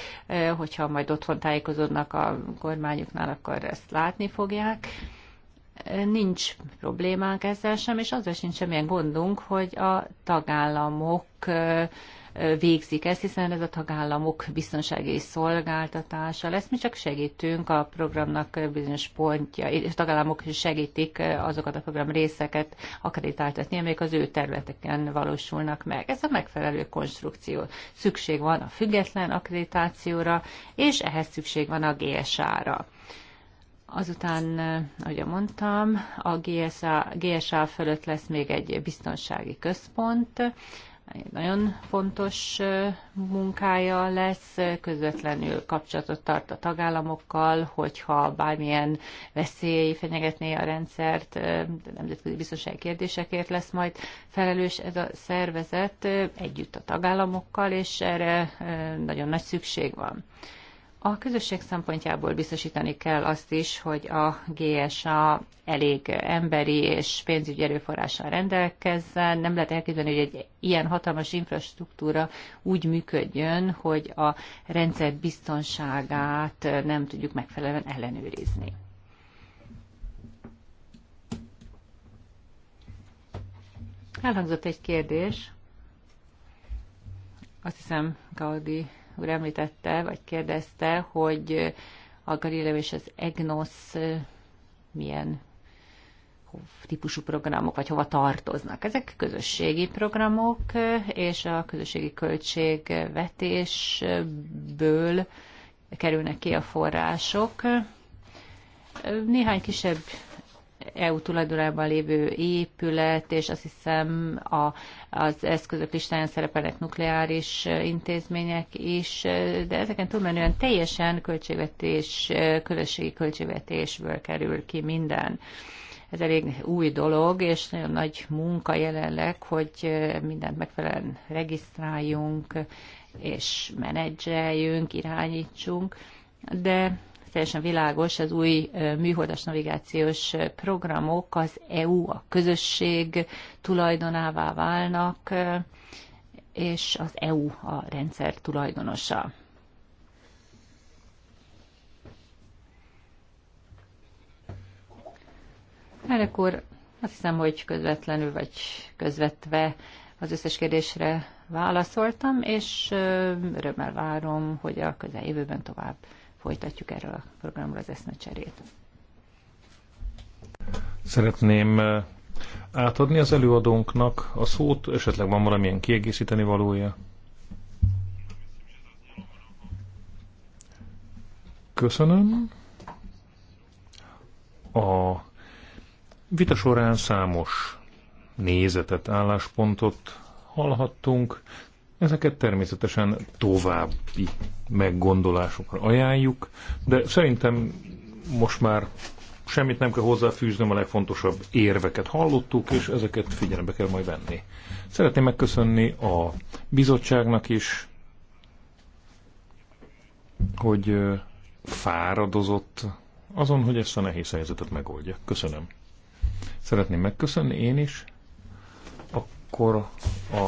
hogyha majd otthon tájékozódnak a kormányoknál, akkor ezt látni fogják, nincs problémánk ezzel sem, és azzal sincs semmilyen gondunk, hogy a tagállamok végzik ezt, hiszen ez a tagállamok biztonsági szolgáltatása lesz. Mi csak segítünk a programnak bizonyos pontja, és tagállamok segítik azokat a program részeket akreditáltatni, amelyek az ő területeken valósulnak meg. Ez a megfelelő konstrukció. Szükség van a független akkreditációra, és ehhez szükség van a GSA-ra. Azután, eh, ahogy mondtam, a GSA, GSA fölött lesz még egy biztonsági központ, egy nagyon fontos eh, munkája lesz, eh, közvetlenül kapcsolatot tart a tagállamokkal, hogyha bármilyen veszély fenyegetné a rendszert, nemzetközi biztonsági kérdésekért lesz majd felelős ez a szervezet együtt a tagállamokkal, és erre nagyon nagy szükség van. A közösség szempontjából biztosítani kell azt is, hogy a GSA elég emberi és pénzügyi erőforrással rendelkezzen. Nem lehet elképzelni, hogy egy ilyen hatalmas infrastruktúra úgy működjön, hogy a rendszer biztonságát nem tudjuk megfelelően ellenőrizni. Elhangzott egy kérdés. Azt hiszem, Gaudi úr említette, vagy kérdezte, hogy a Galileo és az EGNOS milyen típusú programok, vagy hova tartoznak. Ezek közösségi programok, és a közösségi költségvetésből kerülnek ki a források. Néhány kisebb EU tulajdonában lévő épület, és azt hiszem a, az eszközök listáján szerepelnek nukleáris intézmények is, de ezeken túlmenően teljesen költségvetés, közösségi költségvetésből kerül ki minden ez elég új dolog, és nagyon nagy munka jelenleg, hogy mindent megfelelően regisztráljunk, és menedzseljünk, irányítsunk, de teljesen világos, az új műholdas navigációs programok az EU, a közösség tulajdonává válnak, és az EU a rendszer tulajdonosa. Elnök úr, azt hiszem, hogy közvetlenül vagy közvetve az összes kérdésre válaszoltam, és örömmel várom, hogy a közeljövőben tovább folytatjuk erről a programról az eszmecserét. Szeretném eh, átadni az előadónknak a szót, esetleg van valamilyen kiegészíteni valója. Köszönöm. A vita során számos nézetet, álláspontot hallhattunk. Ezeket természetesen további meggondolásokra ajánljuk, de szerintem most már semmit nem kell hozzáfűznöm, a legfontosabb érveket hallottuk, és ezeket figyelembe kell majd venni. Szeretném megköszönni a bizottságnak is, hogy fáradozott azon, hogy ezt a nehéz helyzetet megoldja. Köszönöm. Szeretném megköszönni én is. Akkor a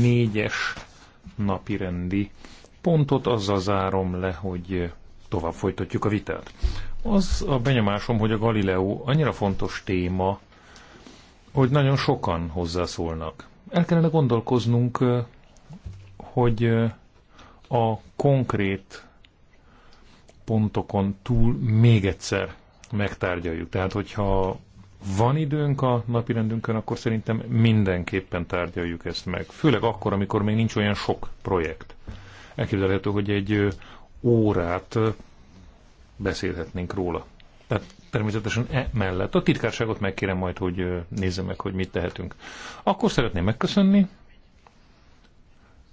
négyes napi rendi pontot, azzal zárom le, hogy tovább folytatjuk a vitát. Az a benyomásom, hogy a Galileo annyira fontos téma, hogy nagyon sokan hozzászólnak. El kellene gondolkoznunk, hogy a konkrét pontokon túl még egyszer megtárgyaljuk. Tehát, hogyha van időnk a napirendünkön, akkor szerintem mindenképpen tárgyaljuk ezt meg. Főleg akkor, amikor még nincs olyan sok projekt. Elképzelhető, hogy egy órát beszélhetnénk róla. Tehát természetesen e mellett. A titkárságot megkérem majd, hogy nézze meg, hogy mit tehetünk. Akkor szeretném megköszönni.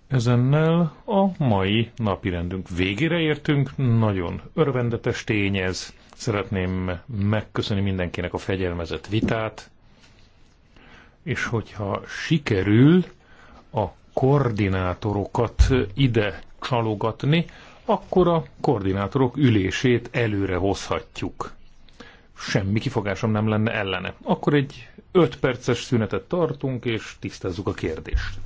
Ezennel a mai napirendünk végére értünk. Nagyon örvendetes tény ez Szeretném megköszönni mindenkinek a fegyelmezett vitát, és hogyha sikerül a koordinátorokat ide csalogatni, akkor a koordinátorok ülését előre hozhatjuk. Semmi kifogásom nem lenne ellene. Akkor egy 5 perces szünetet tartunk, és tisztázzuk a kérdést.